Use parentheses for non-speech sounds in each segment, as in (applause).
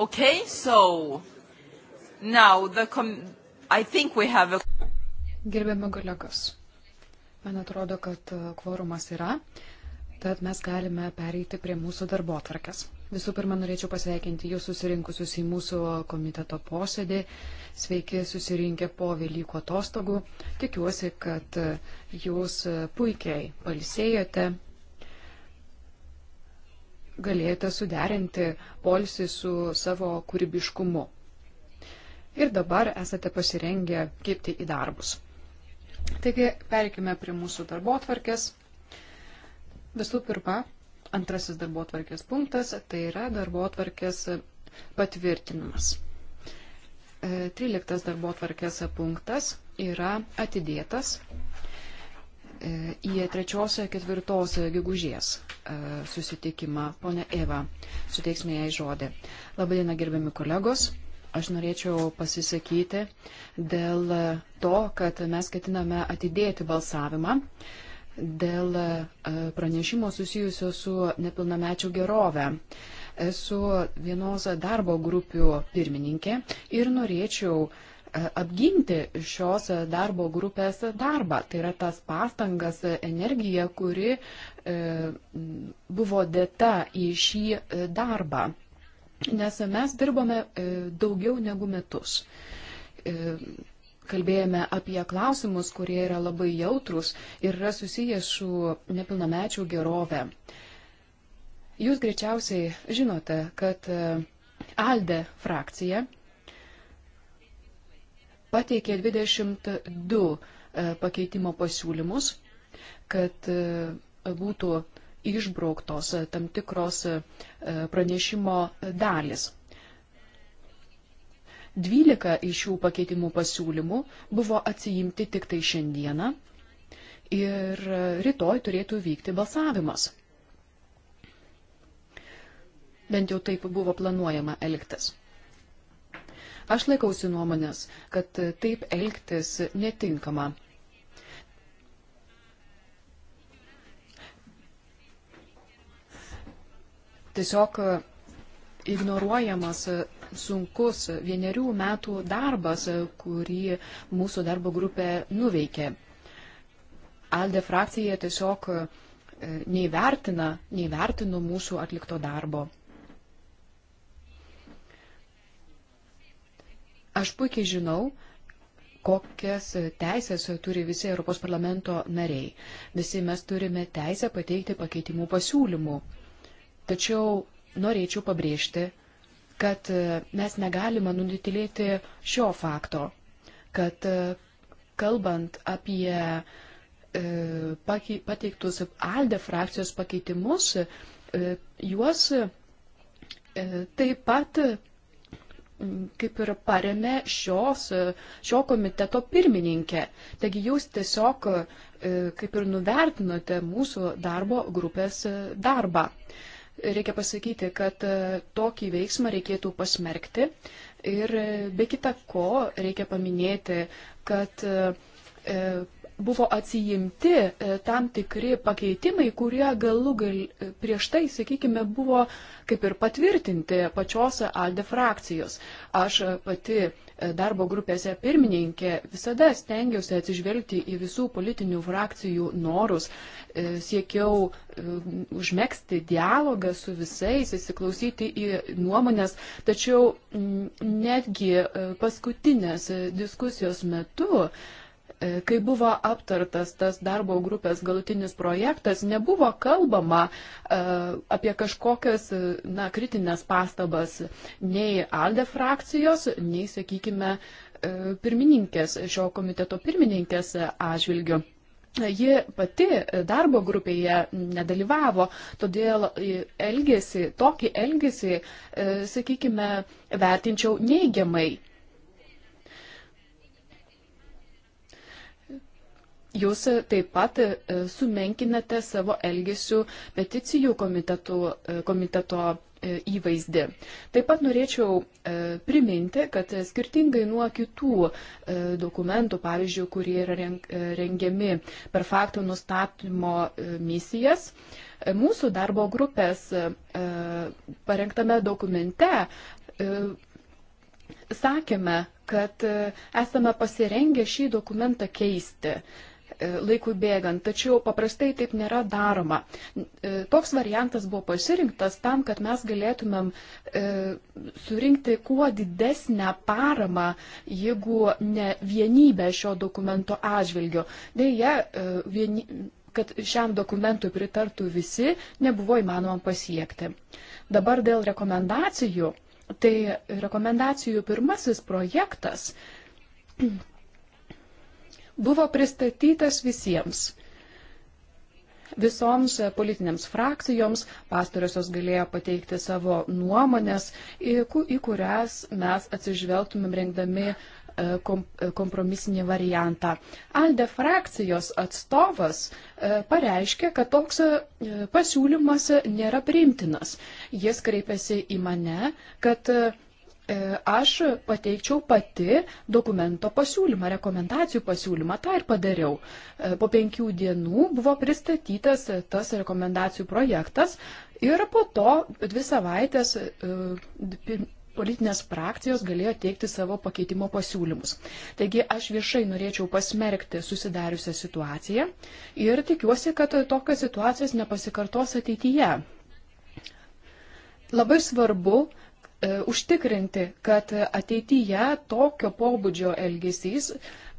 Okay, so now the com I think we have a... Gerbiami kolegos, man atrodo, kad uh, kvorumas yra, tad mes galime pereiti prie mūsų darbo atvarkės. Visų pirma, norėčiau pasveikinti jūs susirinkusius į mūsų komiteto posėdį. Sveiki susirinkę po Velykų atostogų. Tikiuosi, kad uh, jūs uh, puikiai palsėjote galėjote suderinti polsį su savo kūrybiškumu. Ir dabar esate pasirengę kipti į darbus. Taigi, perikime prie mūsų darbo atvarkės. Visų pirma, antrasis darbo atvarkės punktas - tai yra darbo atvarkės patvirtinimas. 13 e, darbo atvarkės punktas yra atidėtas e, į 3-4 gegužės E, susitikimą. Pone Eva, suteiksime jai žodį. Labadiena, gerbiami kolegos. Aš norėčiau pasisakyti dėl to, kad mes ketiname atidėti balsavimą dėl e, pranešimo susijusio su nepilnamečių gerove. Esu vienos darbo grupių pirmininkė ir norėčiau uh, E, apginti šios darbo grupės darbą. Tai yra tas pastangas, e, energija, kuri e, buvo dėta į šį darbą. Nes mes dirbome daugiau negu metus. Kalbėjome apie klausimus, kurie yra labai jautrus ir yra susijęs su nepilnamečių gerove. Jūs greičiausiai žinote, kad ALDE frakcija pateikė 22 e, pakeitimo pasiūlymus, kad e, būtų išbrauktos e, tam tikros pranešimo dalis. 12 iš šių pakeitimų pasiūlymų buvo atsiimti tik tai šiandieną ir rytoj turėtų vykti balsavimas. Bent jau taip buvo planuojama elgtis. Aš laikausi nuomonės, kad taip elgtis netinkama. Tiesiog ignoruojamas sunkus vienerių metų darbas, kurį mūsų darbo grupė nuveikė. Alde frakcija tiesiog neįvertina, neįvertino mūsų atlikto darbo. Aš puikiai žinau, kokias teisės turi visi Europos parlamento nariai. Visi mes turime teisę pateikti pakeitimų pasiūlymų. Tačiau norėčiau pabrėžti, kad mes negalime nutilėti šio fakto, kad e, kalbant apie e, pateiktus ALDE frakcijos pakeitimus, e, juos taip pat kaip ir paremė šios, šio komiteto pirmininkė. Taigi jūs tiesiog e, kaip ir nuvertinote mūsų darbo grupės darbą. Reikia pasakyti, kad e, tokį veiksmą reikėtų pasmerkti ir e, be kita ko reikia paminėti, kad buvo atsijimti e, tam tikri pakeitimai, kurie galų gal e, prieš tai, sakykime, buvo kaip ir patvirtinti pačios ALDE frakcijos. Aš e, pati darbo grupėse pirmininkė visada stengiausi atsižvelgti į visų politinių frakcijų norus, siekiau užmėgsti dialogą su visais, įsiklausyti į nuomonės, tačiau netgi paskutinės diskusijos metu, E, kai buvo aptartas tas darbo grupės galutinis projektas, nebuvo kalbama e, apie kažkokias e, na, kritinės pastabas nei ALDE frakcijos, nei, sakykime, pirmininkės, šio komiteto pirmininkės atžvilgiu. Ji pati darbo grupėje nedalyvavo, todėl elgesi, tokį elgesį, sakykime, vertinčiau neigiamai. Jūs e, taip pat e, sumenkinate savo elgesių peticijų komitetų, e, komiteto įvaizdį. Taip pat norėčiau priminti, kad skirtingai nuo kitų dokumentų, pavyzdžiui, kurie yra rengiami per faktų nustatymo misijas, mūsų darbo grupės parengtame dokumente sakėme, kad esame pasirengę šį dokumentą keisti. E, laikui bėgant, tačiau paprastai taip nėra daroma. E, toks variantas buvo pasirinktas tam, kad mes galėtumėm e, surinkti kuo didesnę paramą, jeigu ne vienybę šio dokumento atžvilgiu. Deja, vieni, kad šiam dokumentui pritartų visi, nebuvo įmanoma pasiekti. Dabar dėl rekomendacijų. Tai rekomendacijų pirmasis projektas buvo pristatytas visiems. Visoms politinėms frakcijoms pastoriosios galėjo pateikti savo nuomonės, į kurias mes atsižvelgtumėm rengdami e, e, kompromisinį variantą. Alde frakcijos atstovas e, pareiškė, kad toks pasiūlymas nėra priimtinas. Jis kreipėsi į mane, kad E, aš pateikčiau pati dokumento pasiūlymą, rekomendacijų pasiūlymą, tą ir padariau. E, po penkių dienų buvo pristatytas tas rekomendacijų projektas ir po to dvi savaitės e, politinės frakcijos galėjo teikti savo pakeitimo pasiūlymus. Taigi aš viešai norėčiau pasmerkti susidariusią situaciją ir tikiuosi, kad tokios situacijos nepasikartos ateityje. Labai svarbu, E, užtikrinti, kad ateityje tokio pobūdžio elgesys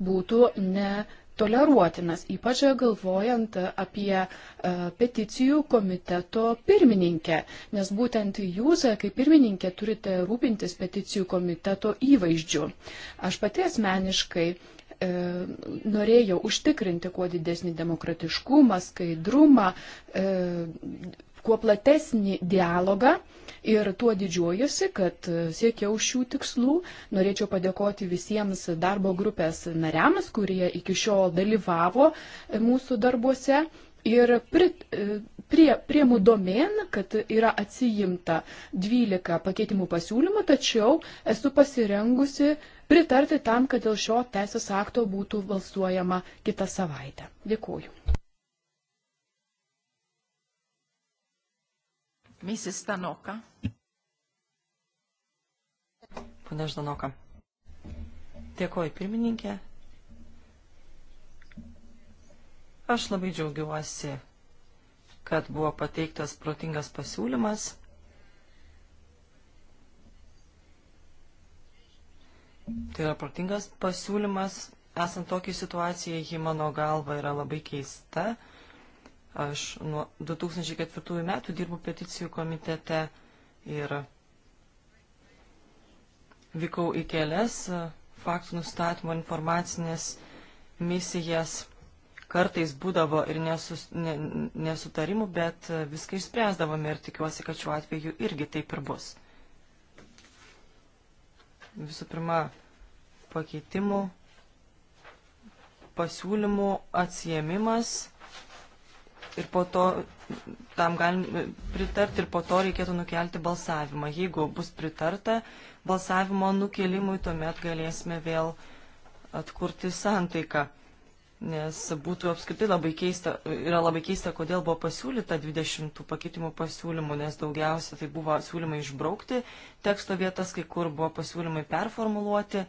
būtų netoleruotinas, ypač galvojant apie e, peticijų komiteto pirmininkę, nes būtent jūs, kaip pirmininkė, turite rūpintis peticijų komiteto įvaizdžiu. Aš pati asmeniškai e, norėjo užtikrinti kuo didesnį demokratiškumą, skaidrumą, kuo platesnį dialogą ir tuo didžiuojuosi, kad e, siekiau šių tikslų. Norėčiau padėkoti visiems darbo grupės nariams, kurie iki šiol dalyvavo e, mūsų darbuose. Ir prie, prie, prie mudomen, kad yra atsijimta 12 pakeitimų pasiūlymų, tačiau esu pasirengusi pritarti tam, kad dėl šio teisės akto būtų balsuojama kitą savaitę. Dėkuoju. Mrs. Stanoka. Pane Ždanoka. Dėkoju pirmininkė. Aš labai džiaugiuosi, kad buvo pateiktas protingas pasiūlymas. Tai yra protingas pasiūlymas, esant tokiai situacijai, ji mano galva yra labai keista, Aš nuo 2004 metų dirbu peticijų komitete ir vykau į kelias e, faktų nustatymo informacinės misijas. Kartais būdavo ir nesus, ne, nesutarimų, bet e, viską išspręsdavome ir tikiuosi, kad šiuo atveju irgi taip ir bus. Visų pirma, pakeitimų, pasiūlymų atsiemimas ir po to tam galim pritarti ir po to reikėtų nukelti balsavimą. Jeigu bus pritarta balsavimo nukelimui, tuomet galėsime vėl atkurti santaiką. Nes būtų apskritai labai keista, yra labai keista, kodėl buvo pasiūlyta 20 pakeitimų pasiūlymų, nes daugiausia tai buvo siūlymai išbraukti teksto vietas, kai kur buvo pasiūlymai performuluoti.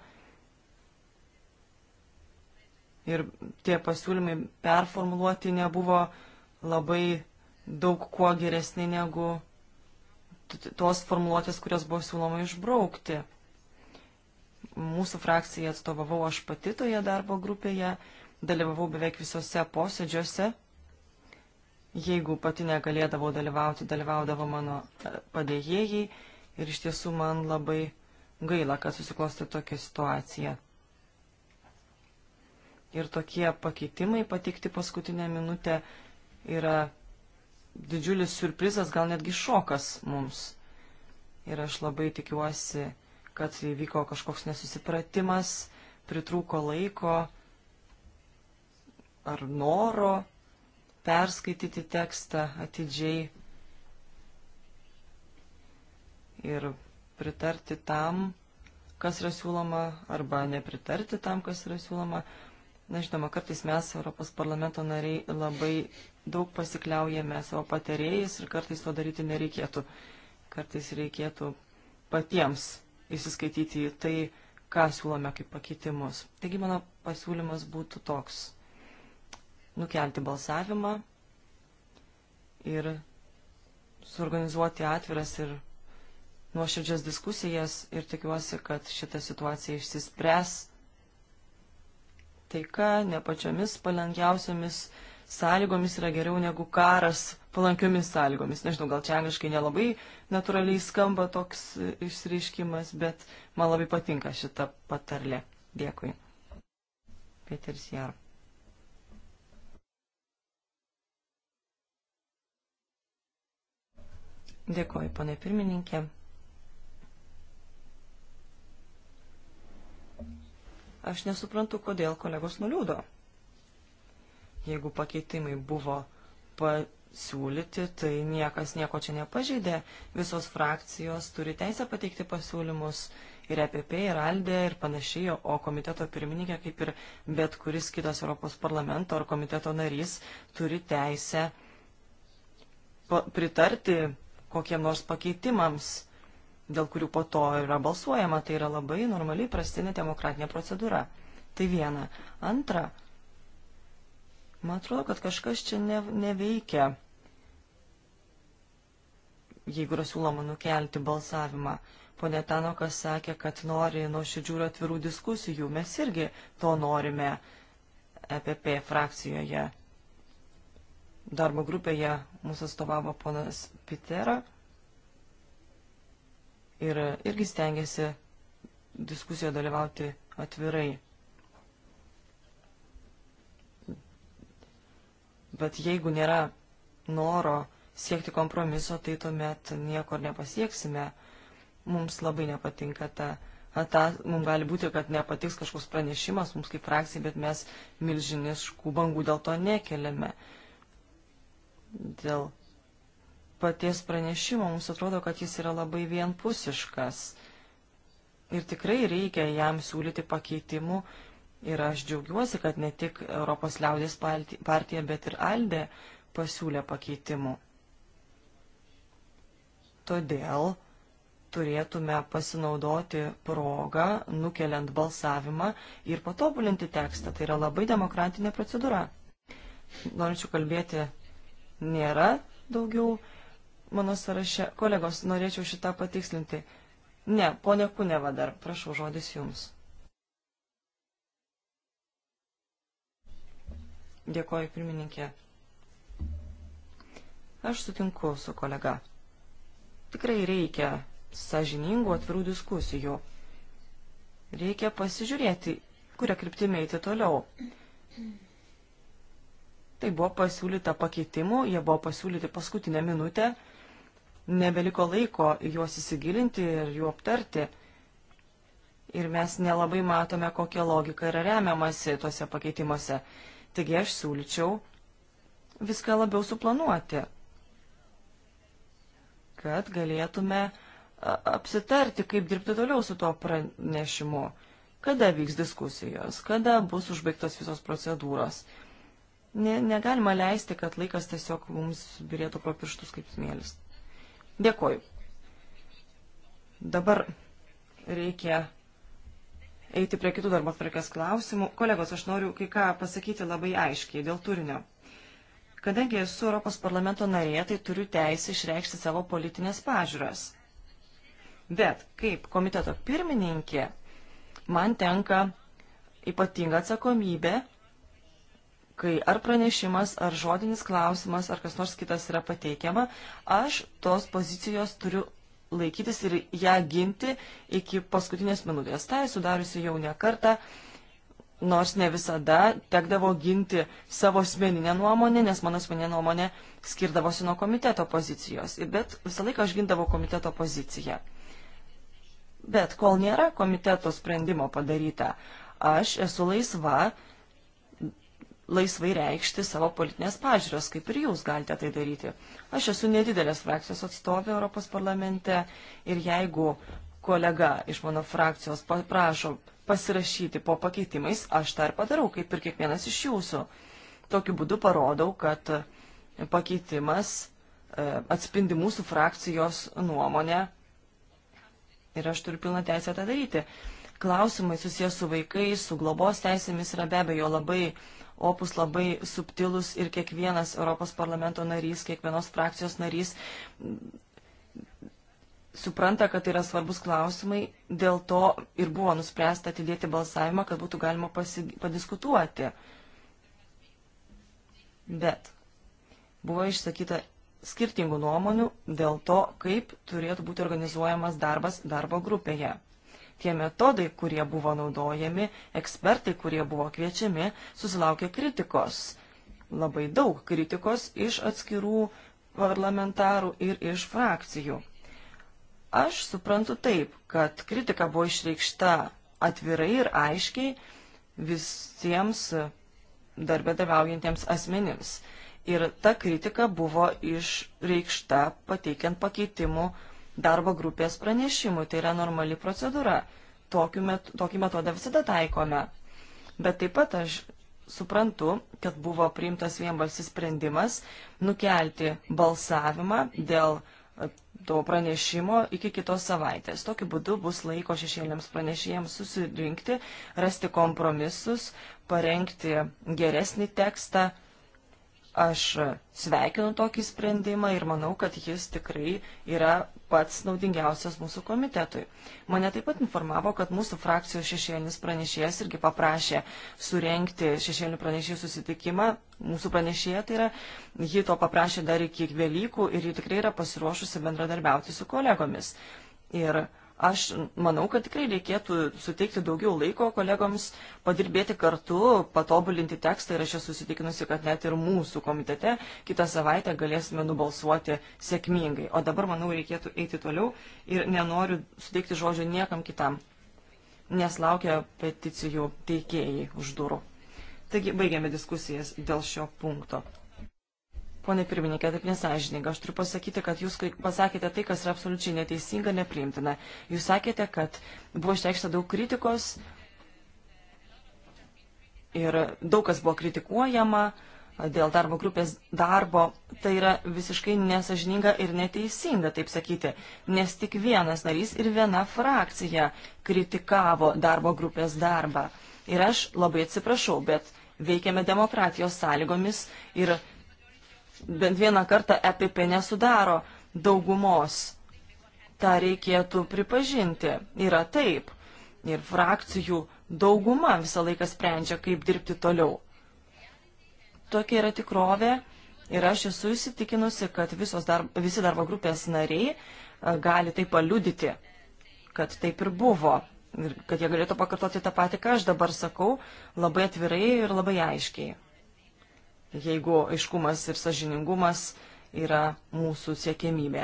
Ir tie pasiūlymai performuluoti nebuvo uh, labai daug kuo geresni negu tos formuluotės, kurios buvo siūloma išbraukti. Mūsų frakciją atstovavau aš pati toje darbo grupėje, dalyvavau beveik visose posėdžiuose. Jeigu pati negalėdavau dalyvauti, dalyvaudavo mano e, padėjėjai ir iš tiesų man labai gaila, kad susiklosti tokia situacija. Ir tokie pakeitimai patikti paskutinę minutę yra didžiulis surprizas, gal netgi šokas mums. Ir aš labai tikiuosi, kad įvyko kažkoks nesusipratimas, pritrūko laiko ar noro perskaityti tekstą atidžiai ir pritarti tam, kas yra siūloma, arba nepritarti tam, kas yra siūloma. Na, žinoma, kartais mes, Europos parlamento nariai, labai daug pasikliaujame savo patarėjais ir kartais to daryti nereikėtų. Kartais reikėtų patiems įsiskaityti į tai, ką siūlome kaip pakeitimus. Taigi mano pasiūlymas būtų toks. Nukelti balsavimą ir suorganizuoti atviras ir nuoširdžias diskusijas ir tikiuosi, kad šita situacija išsispręs taika, ne pačiomis palankiausiamis sąlygomis yra geriau negu karas palankiomis sąlygomis. Nežinau, gal čia angliškai nelabai natūraliai skamba toks išreiškimas, bet man labai patinka šita patarlė. Dėkui. Peters Jar. Dėkoju, ponai pirmininkė. Aš nesuprantu, kodėl kolegos nuliūdo. Jeigu pakeitimai buvo pasiūlyti, tai niekas nieko čia nepažeidė. Visos frakcijos turi teisę pateikti pasiūlymus ir EPP, ir ALDE, ir panašiai, o komiteto pirmininkė, kaip ir bet kuris kitas Europos parlamento ar komiteto narys, turi teisę pritarti kokiem nors pakeitimams dėl kurių po to yra balsuojama, tai yra labai normaliai prastinė demokratinė procedūra. Tai viena. Antra, Man atrodo, kad kažkas čia ne, neveikia, jeigu yra siūloma nukelti balsavimą. Pone Tanokas sakė, kad nori nuoširdžių ir atvirų diskusijų. Mes irgi to norime EPP frakcijoje. Darbo grupėje mūsų atstovavo ponas Pitera ir irgi stengiasi diskusijoje dalyvauti atvirai. Bet jeigu nėra noro siekti kompromiso, tai tuomet nieko nepasieksime. Mums labai nepatinka ta. ta mums gali būti, kad nepatiks kažkoks pranešimas mums kaip frakcijai, bet mes milžiniškų bangų dėl to nekeliame. Dėl paties pranešimo mums atrodo, kad jis yra labai vienpusiškas. Ir tikrai reikia jam siūlyti pakeitimų, Ir aš džiaugiuosi, kad ne tik Europos liaudės partija, bet ir Aldė pasiūlė pakeitimų. Todėl turėtume pasinaudoti progą, nukeliant balsavimą ir patobulinti tekstą. Tai yra labai demokratinė procedūra. Norinčių kalbėti nėra daugiau mano sąraše. Kolegos, norėčiau šitą patikslinti. Ne, ponia Kuneva dar, prašau, žodis jums. Dėkoju, pirmininkė. Aš sutinku su kolega. Tikrai reikia sažiningų atvirų diskusijų. Reikia pasižiūrėti, kurią kryptimį eiti toliau. Tai buvo pasiūlyta pakeitimų, jie buvo pasiūlyti paskutinę minutę, nebeliko laiko juos įsigilinti ir jų aptarti. Ir mes nelabai matome, kokia logika yra remiamasi tuose pakeitimuose. Taigi aš siūlyčiau viską labiau suplanuoti, kad galėtume apsitarti, kaip dirbti toliau su tuo pranešimu, kada vyks diskusijos, kada bus užbaigtos visos procedūros. Ne, negalima leisti, kad laikas tiesiog mums birėtų pro pirštus kaip smėlis. Dėkoju. Dabar reikia eiti prie kitų darbo tvarkės klausimų. Kolegos, aš noriu kai ką pasakyti labai aiškiai dėl turinio. Kadangi esu Europos parlamento narė, tai turiu teisę išreikšti savo politinės pažiūras. Bet kaip komiteto pirmininkė, man tenka ypatinga atsakomybė, kai ar pranešimas, ar žodinis klausimas, ar kas nors kitas yra pateikiama, aš tos pozicijos turiu laikytis ir ją ginti iki paskutinės minutės. Tai sudariusi jau ne kartą, nors ne visada tekdavo ginti savo asmeninę nuomonę, nes mano asmeninė nuomonė skirdavosi nuo komiteto pozicijos. Bet visą laiką aš gindavau komiteto poziciją. Bet kol nėra komiteto sprendimo padaryta, aš esu laisva laisvai reikšti savo politinės pažiūros, kaip ir jūs galite tai daryti. Aš esu nedidelės frakcijos atstovė Europos parlamente ir jeigu kolega iš mano frakcijos paprašo pasirašyti po pakeitimais, aš tą ir padarau, kaip ir kiekvienas iš jūsų. Tokiu būdu parodau, kad pakeitimas e, atspindi mūsų frakcijos nuomonę ir aš turiu pilną teisę tą daryti. Klausimai susijęs su vaikais, su globos teisėmis yra be abejo labai uh, opus labai subtilus ir kiekvienas Europos parlamento narys, kiekvienos frakcijos narys supranta, kad tai yra svarbus klausimai, dėl to ir buvo nuspręsta atidėti balsavimą, kad būtų galima pasi, padiskutuoti. Bet buvo išsakyta skirtingų nuomonių dėl to, kaip turėtų būti organizuojamas darbas darbo grupėje. Tie metodai, kurie buvo naudojami, ekspertai, kurie buvo kviečiami, susilaukė kritikos. Labai daug kritikos iš atskirų parlamentarų ir iš frakcijų. Aš suprantu taip, kad kritika buvo išreikšta atvirai ir aiškiai visiems darbė dalyvaujantiems asmenims. Ir ta kritika buvo išreikšta pateikiant pakeitimų darbo grupės pranešimui. Tai yra normali procedūra. Met, tokį metodą visada taikome. Bet taip pat aš suprantu, kad buvo priimtas vienbalsis sprendimas nukelti balsavimą dėl e, to pranešimo iki kitos savaitės. Tokiu būdu bus laiko šešėliams pranešėjams susirinkti, rasti kompromisus, parengti geresnį tekstą. Aš sveikinu tokį sprendimą ir manau, kad jis tikrai yra pats naudingiausias mūsų komitetui. Mane taip pat informavo, kad mūsų frakcijos šešėlinis pranešėjas irgi paprašė surenkti šešėlinių pranešėjų susitikimą. Mūsų pranešėja tai yra, ji to paprašė dar iki Velykų ir ji tikrai yra pasiruošusi bendradarbiauti su kolegomis. Ir Aš manau, kad tikrai reikėtų suteikti daugiau laiko kolegoms padirbėti kartu, patobulinti tekstą ir aš esu susitikinusi, kad net ir mūsų komitete kitą savaitę galėsime nubalsuoti sėkmingai. O dabar, manau, reikėtų eiti toliau ir nenoriu suteikti žodžio niekam kitam, nes laukia peticijų teikėjai už durų. Taigi, baigiame diskusijas dėl šio punkto. Pone pirmininkė, taip nesažininga. Aš turiu pasakyti, kad jūs pasakėte tai, kas yra absoliučiai neteisinga, nepriimtina. Jūs sakėte, kad buvo išreikšta daug kritikos ir daug kas buvo kritikuojama dėl darbo grupės darbo. Tai yra visiškai nesažininga ir neteisinga, taip sakyti, nes tik vienas narys ir viena frakcija kritikavo darbo grupės darbą. Ir aš labai atsiprašau, bet veikiame demokratijos sąlygomis ir bent vieną kartą EPP nesudaro daugumos. Ta reikėtų pripažinti. Yra taip. Ir frakcijų dauguma visą laiką sprendžia, kaip dirbti toliau. Tokia yra tikrovė. Ir aš esu įsitikinusi, kad dar, visi darbo grupės nariai e, gali tai paliudyti, kad taip ir buvo. Ir kad jie galėtų pakartoti tą patį, ką aš dabar sakau, labai atvirai ir labai aiškiai jeigu aiškumas ir sažiningumas yra mūsų siekėmybė.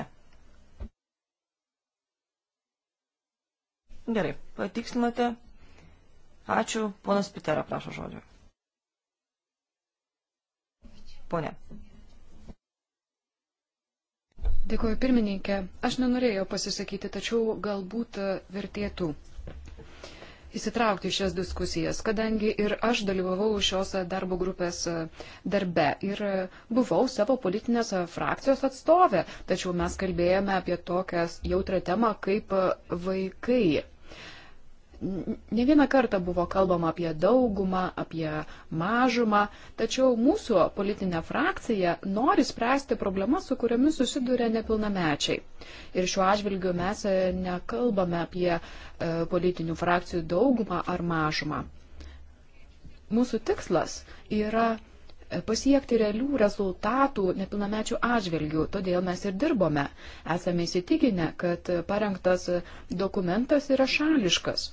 Gerai, patikslinote. Ačiū, ponas Pitera, prašo žodžio. Pone. Dėkuoju pirmininkė. Aš nenorėjau pasisakyti, tačiau galbūt vertėtų įsitraukti į šias diskusijas, kadangi ir aš dalyvavau šios darbo grupės e, darbe ir e, buvau savo politinės e, frakcijos atstovė, tačiau mes kalbėjome apie tokią jautrą temą kaip vaikai. Ne vieną kartą buvo kalbama apie daugumą, apie mažumą, tačiau mūsų politinė frakcija nori spręsti problemas, su kuriamis susiduria nepilnamečiai. Ir šiuo atžvilgiu mes e, nekalbame apie e, politinių frakcijų daugumą ar mažumą. Mūsų tikslas yra e, pasiekti realių rezultatų nepilnamečių atžvilgių. Todėl mes ir dirbome. Esame įsitikinę, kad parengtas dokumentas yra šališkas.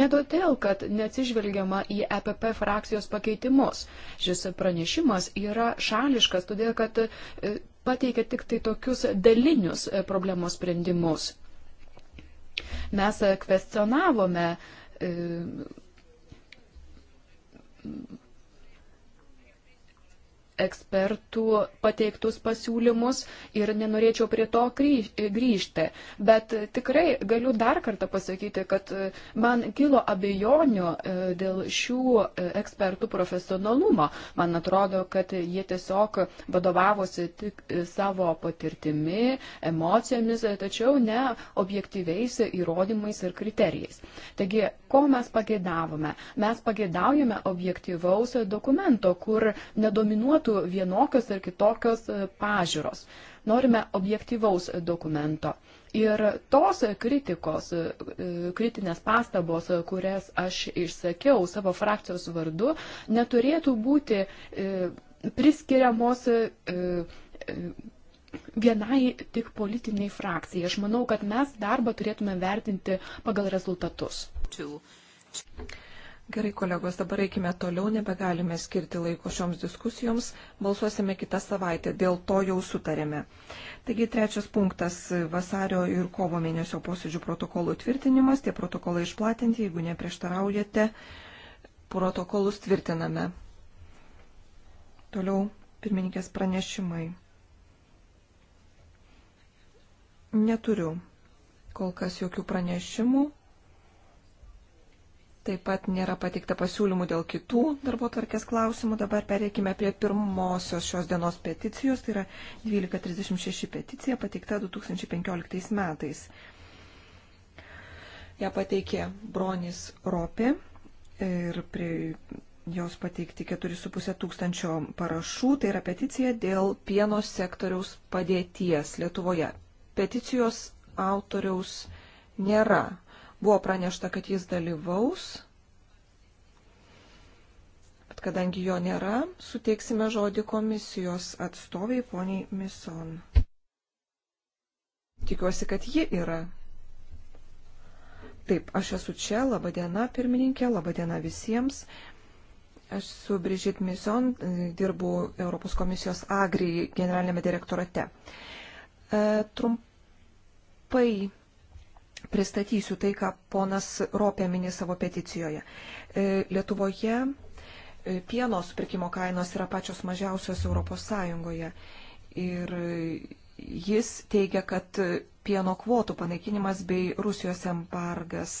Ne todėl, kad neatsižvelgiama į EPP frakcijos pakeitimus. Šis pranešimas yra šališkas, todėl kad e, pateikia tik tai tokius dalinius e, problemos sprendimus. Mes e, kvestionavome ekspertų pateiktus pasiūlymus ir nenorėčiau prie to grįžti. Bet tikrai galiu dar kartą pasakyti, kad man kilo abejonių e, dėl šių e, ekspertų profesionalumo. Man atrodo, kad jie tiesiog vadovavosi tik e, savo patirtimi, emocijomis, tačiau ne objektyviais įrodymais ir kriterijais. Taigi, ko mes pagėdavome? Mes pagėdaujame objektyvaus dokumento, kur nedominuotų galiotų vienokios ar kitokios e, pažiūros. Norime objektyvaus e, dokumento. Ir tos e, kritikos, kritinės pastabos, kurias aš išsakiau savo frakcijos vardu, neturėtų būti priskiriamos vienai tik politiniai frakcijai. Aš manau, kad mes darbą turėtume vertinti pagal rezultatus. Two. Gerai, kolegos, dabar eikime toliau, nebegalime skirti laiko šioms diskusijoms, balsuosime kitą savaitę, dėl to jau sutarėme. Taigi trečias punktas - vasario ir kovo mėnesio posėdžių protokolų tvirtinimas, tie protokolai išplatinti, jeigu neprieštaraujate, protokolus tvirtiname. Toliau pirmininkės pranešimai. Neturiu kol kas jokių pranešimų. Taip pat nėra pateikta pasiūlymų dėl kitų darbo tvarkės klausimų. Dabar pereikime prie pirmosios šios dienos peticijos. Tai yra 1236 peticija pateikta 2015 metais. Ja pateikė Bronis Ropė ir prie jos pateikti 4,5 tūkstančio parašų. Tai yra peticija dėl pieno sektoriaus padėties Lietuvoje. Peticijos autoriaus nėra Buvo pranešta, kad jis dalyvaus, bet kadangi jo nėra, suteiksime žodį komisijos atstoviai poniai Mison. Tikiuosi, kad ji yra. Taip, aš esu čia, laba diena pirmininkė, laba diena visiems. Aš su Brigitte Mison dirbu Europos komisijos Agri generalinėme direktorate. E, trumpai pristatysiu tai, ką ponas Ropė mini savo peticijoje. E, Lietuvoje e, pieno supirkimo kainos yra pačios mažiausios Europos Sąjungoje. Ir jis teigia, kad pieno kvotų panaikinimas bei Rusijos embargas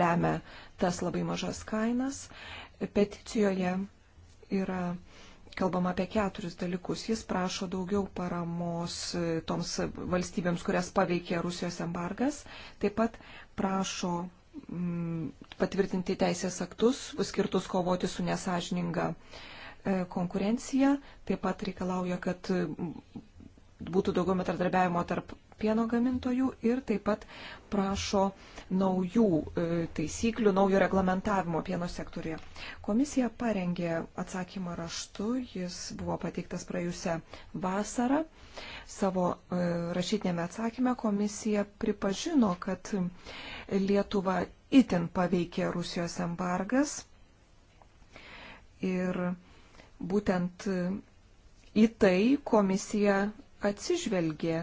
lemia tas labai mažas kainas. Peticijoje yra kalbam apie keturis dalykus. Jis prašo daugiau paramos e, toms valstybėms, kurias paveikė Rusijos embargas. Taip pat prašo mm, patvirtinti teisės aktus, skirtus kovoti su nesažininga e, konkurencija. Taip pat reikalauja, kad būtų daugiau metardarbiavimo tarp pieno gamintojų ir taip pat prašo naujų e, taisyklių, naujo reglamentavimo pieno sektorėje. Komisija parengė atsakymą raštu, jis buvo pateiktas praėjusią vasarą. Savo e, rašytinėme atsakyme komisija pripažino, kad Lietuva itin paveikė Rusijos embargas ir būtent į tai komisija atsižvelgė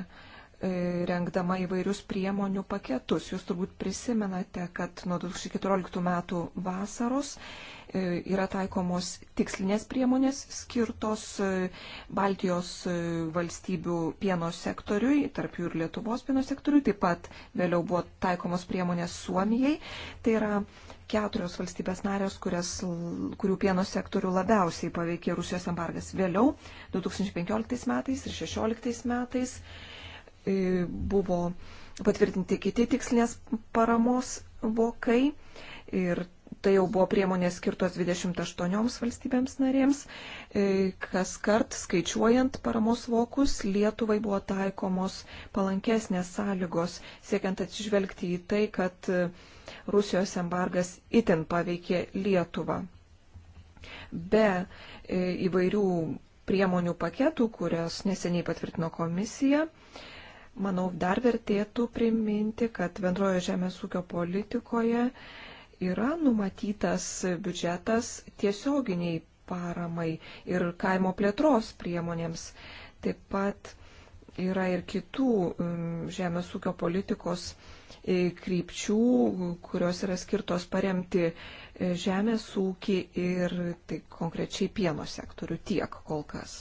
E, rengdama įvairius priemonių paketus. Jūs turbūt prisimenate, kad nuo 2014 metų vasaros e, yra taikomos tikslinės priemonės skirtos e, Baltijos valstybių pieno sektoriui, tarp jų ir Lietuvos pieno sektoriui, taip pat vėliau buvo taikomos priemonės Suomijai. Tai yra keturios valstybės narės, kurias, kurių pieno sektorių labiausiai paveikė Rusijos embargas. Vėliau, 2015 metais ir 2016 metais, E, buvo patvirtinti kiti tikslinės paramos vokai ir tai jau buvo priemonės skirtos 28 valstybėms narėms. E, kas kart skaičiuojant paramos vokus, Lietuvai buvo taikomos palankesnės sąlygos, siekiant atsižvelgti į tai, kad e, Rusijos embargas itin paveikė Lietuvą. Be įvairių priemonių paketų, kurias neseniai patvirtino komisija, Manau, dar vertėtų priminti, kad bendrojo žemės ūkio politikoje yra numatytas biudžetas tiesioginiai paramai ir kaimo plėtros priemonėms. Taip pat yra ir kitų um, žemės ūkio politikos e, krypčių, kurios yra skirtos paremti e, žemės ūkį ir tai konkrečiai pieno sektorių tiek kol kas.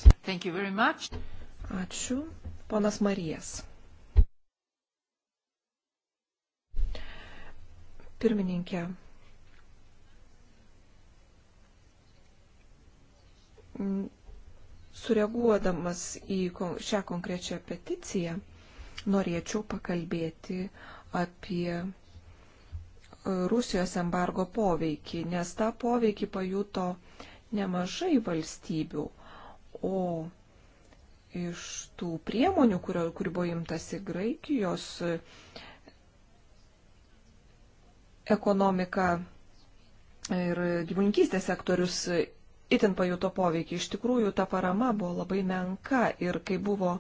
Ačiū. Ponas Marijas. Pirmininkė. Sureaguodamas į šią konkrečią peticiją, norėčiau pakalbėti apie e, Rusijos embargo poveikį, nes tą poveikį pajuto nemažai valstybių, o iš tų priemonių, kurio, kur buvo imtasi Graikijos, ekonomika ir gyvulininkystės sektorius itin pajuto poveikį. Iš tikrųjų, ta parama buvo labai menka ir kai buvo,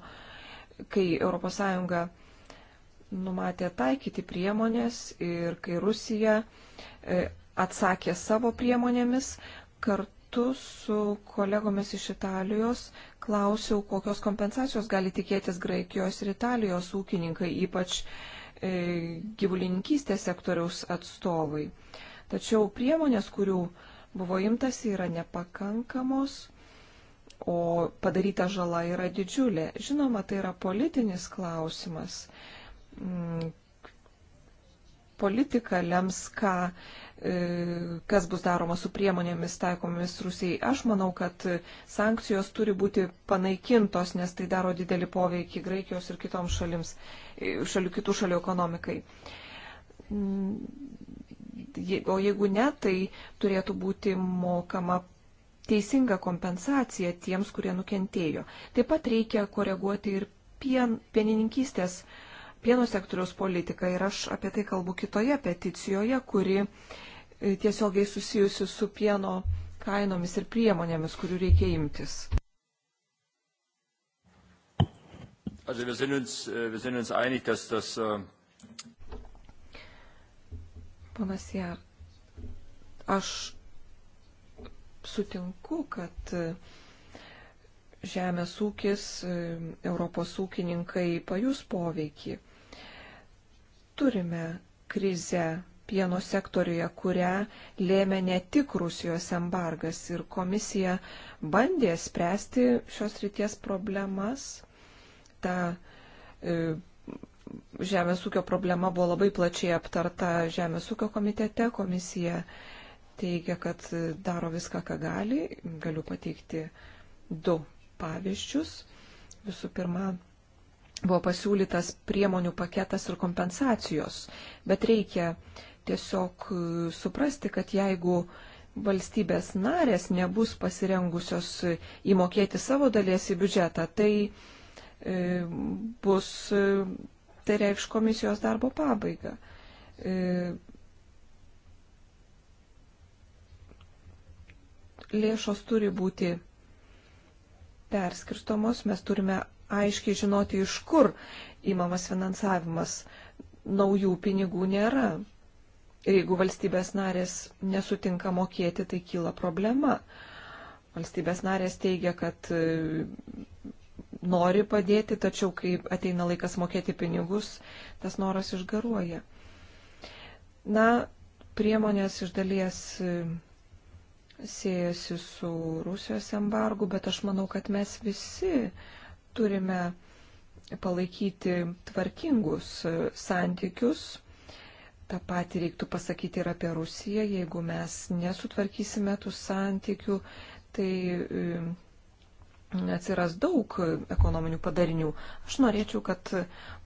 kai ES numatė taikyti priemonės ir kai Rusija e, atsakė savo priemonėmis, kartu su kolegomis iš Italijos klausiau, kokios kompensacijos gali tikėtis Graikijos ir Italijos ūkininkai, ypač E, gyvulininkystės sektoriaus atstovai. Tačiau priemonės, kurių buvo imtasi, yra nepakankamos, o padaryta žala yra didžiulė. Žinoma, tai yra politinis klausimas mm, politika lems, ką, e, kas bus daroma su priemonėmis taikomomis Rusijai. Aš manau, kad sankcijos turi būti panaikintos, nes tai daro didelį poveikį Graikijos ir kitoms šalims, e, šalių, kitų šalių ekonomikai. Mm, o jeigu ne, tai turėtų būti mokama teisinga kompensacija tiems, kurie nukentėjo. Taip pat reikia koreguoti ir pien, pienininkystės uh, pieno sektoriaus politiką ir aš apie tai kalbu kitoje peticijoje, kuri e, tiesiogiai susijusi su pieno kainomis ir priemonėmis, kurių reikia imtis. Also wir sind uns, äh, wir sind uns einig, dass das. Äh, Panas Jar, aš sutinku, kad e, žemės ūkis, e, Europos ūkininkai pajus poveikį turime krizę pieno sektoriuje, kurią lėmė ne tik Rusijos embargas ir komisija bandė spręsti šios ryties problemas. Ta e, žemės ūkio problema buvo labai plačiai aptarta Žemės ūkio komitete. Komisija teigia, kad daro viską, ką gali. Galiu pateikti du pavyzdžius. Visų pirma, buvo pasiūlytas priemonių paketas ir kompensacijos, bet reikia tiesiog e, suprasti, kad jeigu valstybės narės nebus pasirengusios e, įmokėti savo dalies į biudžetą, tai e, bus, tai reikš komisijos darbo pabaigą. Lėšos turi būti perskirstomos, mes turime aiškiai žinoti, iš kur įmamas finansavimas. Naujų pinigų nėra. Ir jeigu valstybės narės nesutinka mokėti, tai kyla problema. Valstybės narės teigia, kad e, nori padėti, tačiau kai ateina laikas mokėti pinigus, tas noras išgaruoja. Na, priemonės iš dalies e, siejasi su Rusijos embargu, bet aš manau, kad mes visi Turime palaikyti tvarkingus e, santykius. Ta pati reiktų pasakyti ir apie Rusiją. Jeigu mes nesutvarkysime tų santykių, tai e, atsiras daug ekonominių padarinių. Aš norėčiau, kad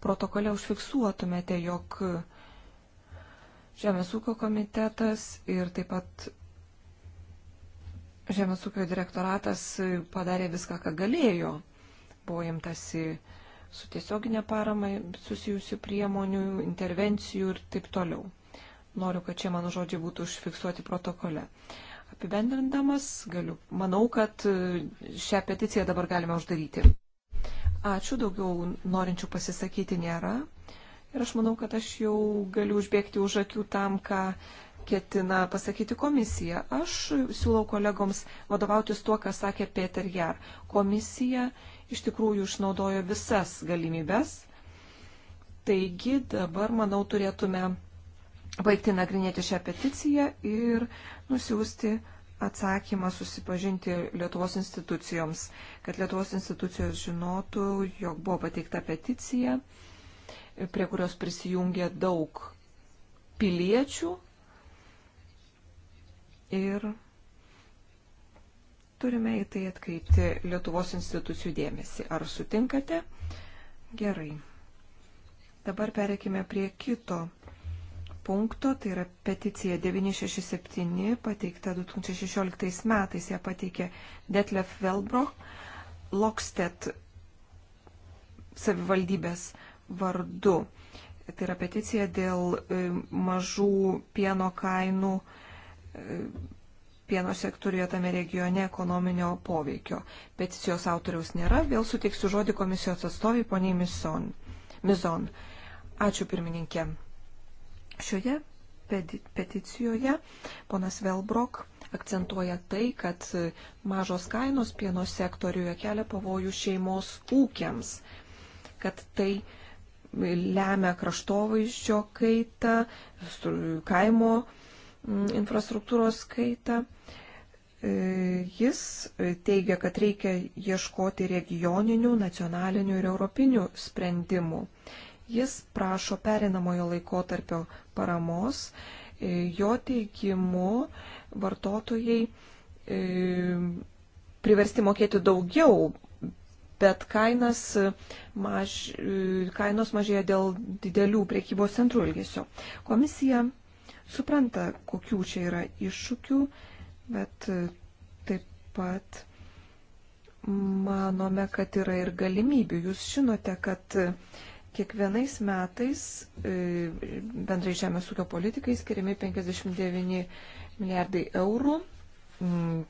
protokole užfiksuotumėte, jog Žemės ūkio komitetas ir taip pat Žemės ūkio direktoratas padarė viską, ką galėjo buvo imtasi su tiesioginė parama susijusių priemonių, intervencijų ir taip toliau. Noriu, kad čia mano žodžiai būtų užfiksuoti protokole. Apibendrindamas, galiu, manau, kad e, šią peticiją dabar galime uždaryti. Ačiū, daugiau norinčių pasisakyti nėra. Ir aš manau, kad aš jau galiu užbėgti už akių tam, ką ketina pasakyti komisija. Aš siūlau kolegoms vadovautis tuo, ką sakė Peter Jar. Komisija iš tikrųjų išnaudojo visas galimybes. Taigi dabar, manau, turėtume baigti nagrinėti šią peticiją ir nusiųsti atsakymą susipažinti Lietuvos institucijoms, kad Lietuvos institucijos žinotų, jog buvo pateikta peticija, prie kurios prisijungė daug piliečių ir Turime į tai atkreipti Lietuvos institucijų dėmesį. Ar sutinkate? Gerai. Dabar pereikime prie kito punkto, tai yra peticija 967 pateikta 2016 metais, ją pateikė Detlef Velbroch, Lokstedt savivaldybės vardu. Tai yra peticija dėl e, mažų pieno kainų e, pieno sektoriuje tame regione ekonominio poveikio. Peticijos autoriaus nėra, vėl suteiksiu žodį komisijos atstovai poniai Mison. Mizon. Ačiū pirmininkė. Šioje peticijoje ponas Velbrok akcentuoja tai, kad mažos kainos pieno sektoriuje kelia pavojų šeimos ūkiams, kad tai lemia kraštovaizdžio kaitą, kaimo Mm, infrastruktūros kaitą. E, jis e, teigia, kad reikia ieškoti regioninių, nacionalinių ir europinių sprendimų. Jis prašo perinamojo laikotarpio paramos. E, jo teigimu vartotojai priversti mokėti daugiau, bet kainas maž, kainos mažėja dėl didelių priekybos centrų ilgesio. Komisija supranta, kokių čia yra iššūkių, bet e, taip pat manome, kad yra ir galimybių. Jūs žinote, kad e, kiekvienais metais e, bendrai žemės ūkio politikai skiriami 59 milijardai eurų. Mm,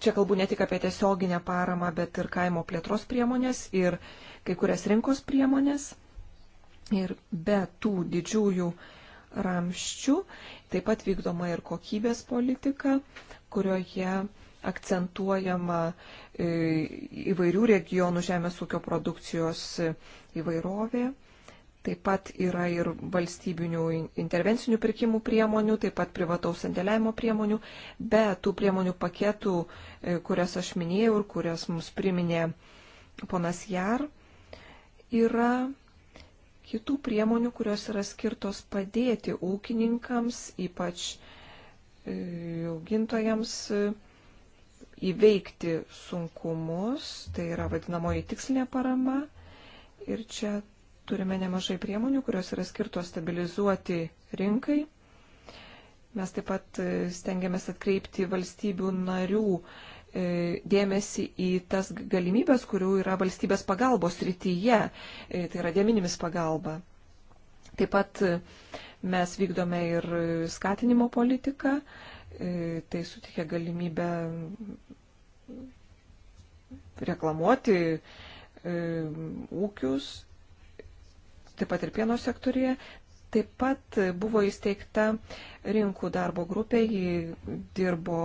čia kalbu ne tik apie tiesioginę paramą, bet ir kaimo plėtros priemonės ir kai kurias rinkos priemonės. Ir be tų didžiųjų uh, ramščių, taip pat vykdoma ir kokybės politika, kurioje akcentuojama e, įvairių regionų žemės ūkio produkcijos įvairovė. Taip pat yra ir valstybinių intervencinių pirkimų priemonių, taip pat privataus sandėliavimo priemonių, be tų priemonių paketų, e, kurias aš minėjau ir kurias mums priminė ponas Jar, yra kitų priemonių, kurios yra skirtos padėti ūkininkams, ypač e, augintojams e, įveikti sunkumus, tai yra vadinamoji tikslinė parama. Ir čia turime nemažai priemonių, kurios yra skirtos stabilizuoti rinkai. Mes taip pat e, stengiamės atkreipti valstybių narių E, dėmesį į tas galimybės, kurių yra valstybės pagalbos rytyje, e, tai yra dėminimis pagalba. Taip pat e, mes vykdome ir skatinimo politiką, tai sutikia galimybę reklamuoti ūkius, taip pat ir pieno sektorija. Taip pat buvo įsteigta rinkų darbo grupė, ji dirbo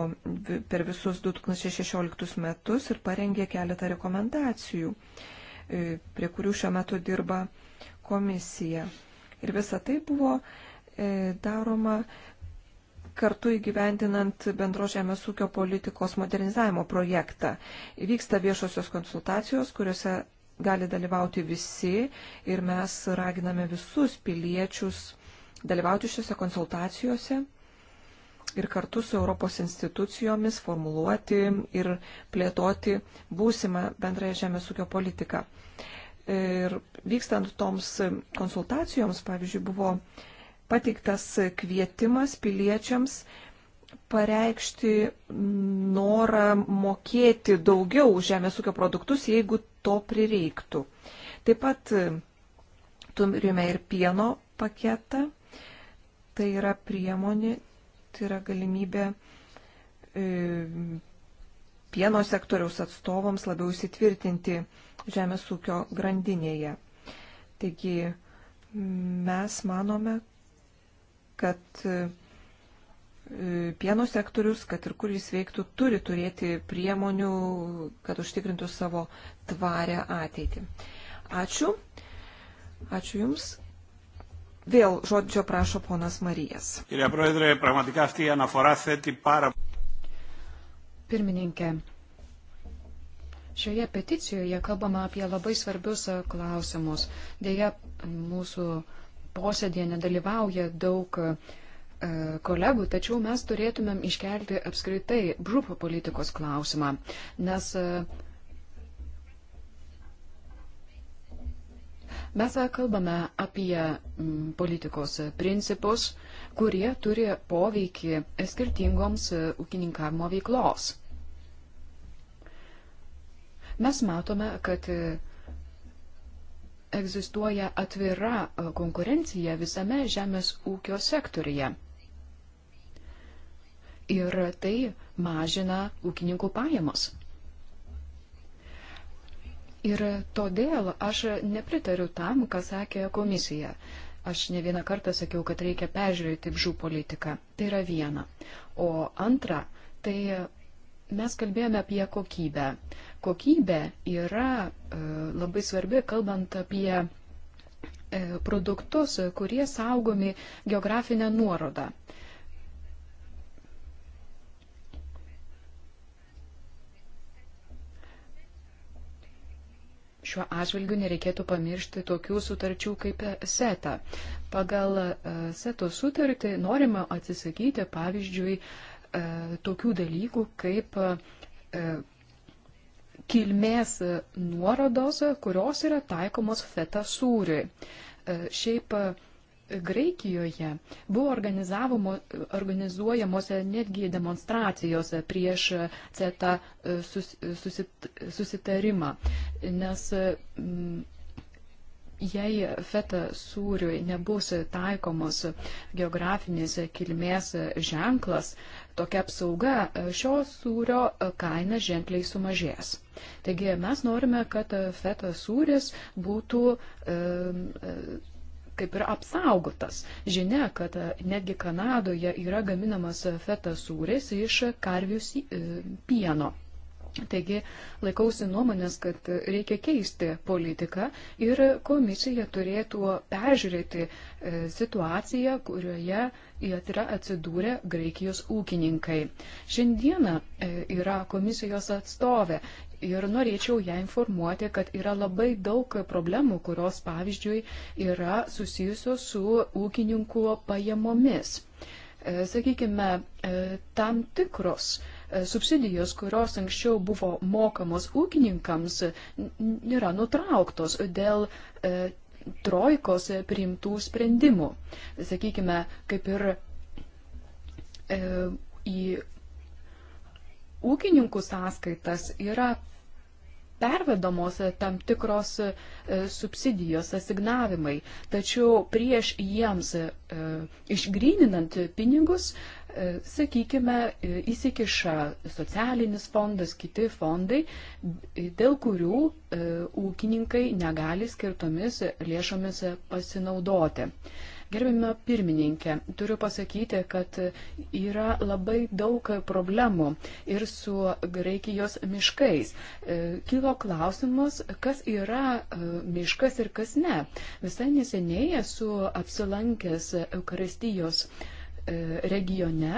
per visus 2016 metus ir parengė keletą rekomendacijų, e, prie kurių šiuo metu dirba komisija. Ir visa tai buvo e, daroma kartu įgyvendinant bendro žemės ūkio politikos modernizavimo projektą. Vyksta viešosios konsultacijos, kuriuose gali dalyvauti visi ir mes raginame visus piliečius dalyvauti šiuose konsultacijose ir kartu su Europos institucijomis formuluoti ir plėtoti būsimą bendrąją žemės ūkio politiką. Ir vykstant toms konsultacijoms, pavyzdžiui, buvo pateiktas kvietimas piliečiams pareikšti norą mokėti daugiau žemės ūkio produktus, jeigu to prireiktų. Taip pat e, turime ir pieno paketą. Tai yra priemonė, tai yra galimybė e, pieno sektoriaus atstovams labiau įsitvirtinti žemės ūkio grandinėje. Taigi mes manome, kad e, pieno sektorius, kad ir kur jis veiktų, turi turėti priemonių, kad užtikrintų savo tvarę ateitį. Ačiū. Ačiū Jums. Vėl žodžio prašo ponas Marijas. Pirmininkė, šioje peticijoje kalbama apie labai svarbius e, klausimus. Deja, mūsų posėdėje nedalyvauja daug uh, E, kolegų, tačiau mes turėtumėm iškelti apskritai BŽUP politikos klausimą, nes e, mes e, kalbame apie politikos principus, kurie turi poveikį skirtingoms ūkininkavimo veiklos. Mes matome, kad egzistuoja atvira konkurencija visame žemės ūkio sektorija ir tai mažina ūkininkų pajamos. Ir todėl aš nepritariu tam, ką sakė komisija. Aš ne vieną kartą sakiau, kad reikia peržiūrėti žų politiką. Tai yra viena. O antra, tai mes kalbėjome apie kokybę. Kokybė yra e, labai svarbi, kalbant apie e, produktus, kurie saugomi geografinę nuorodą. E, Šiuo atžvilgiu nereikėtų pamiršti tokių sutarčių kaip SETA. Pagal e, SETO sutartį norima atsisakyti, pavyzdžiui, e, tokių dalykų kaip e, kilmės nuorodos, kurios yra taikomos feta sūriui. Šiaip Graikijoje buvo organizuojamos netgi demonstracijos prieš CETA e, sus, e, susit, susitarimą, nes mm, jei feta sūriui nebus taikomos geografinės kilmės ženklas, tokia apsauga šio sūrio kaina ženkliai sumažės. Taigi mes norime, kad feta sūris būtų e, kaip ir apsaugotas. Žinia, kad e, netgi Kanadoje yra gaminamas feta sūris iš karvių e, pieno. Taigi laikausi nuomonės, kad reikia keisti politiką ir komisija turėtų peržiūrėti e, situaciją, kurioje yra atsidūrę Graikijos ūkininkai. Šiandieną e, yra komisijos atstovė ir norėčiau ją informuoti, kad yra labai daug problemų, kurios pavyzdžiui yra susijusios su ūkininkų pajamomis. E, sakykime, tam tikros subsidijos, kurios anksčiau buvo mokamos ūkininkams, yra nutrauktos dėl e, trojkos priimtų sprendimų. Sakykime, kaip ir e, į ūkininkų sąskaitas yra pervedamos tam tikros e, subsidijos asignavimai, tačiau prieš jiems išgryninant pinigus sakykime, įsikiša socialinis fondas, kiti fondai, dėl kurių e, ūkininkai negali skirtomis lėšomis pasinaudoti. Gerbime pirmininkė, turiu pasakyti, kad yra labai daug problemų ir su Graikijos miškais. E, kilo klausimas, kas yra e, miškas ir kas ne. Visai neseniai esu apsilankęs Eukaristijos E, regione,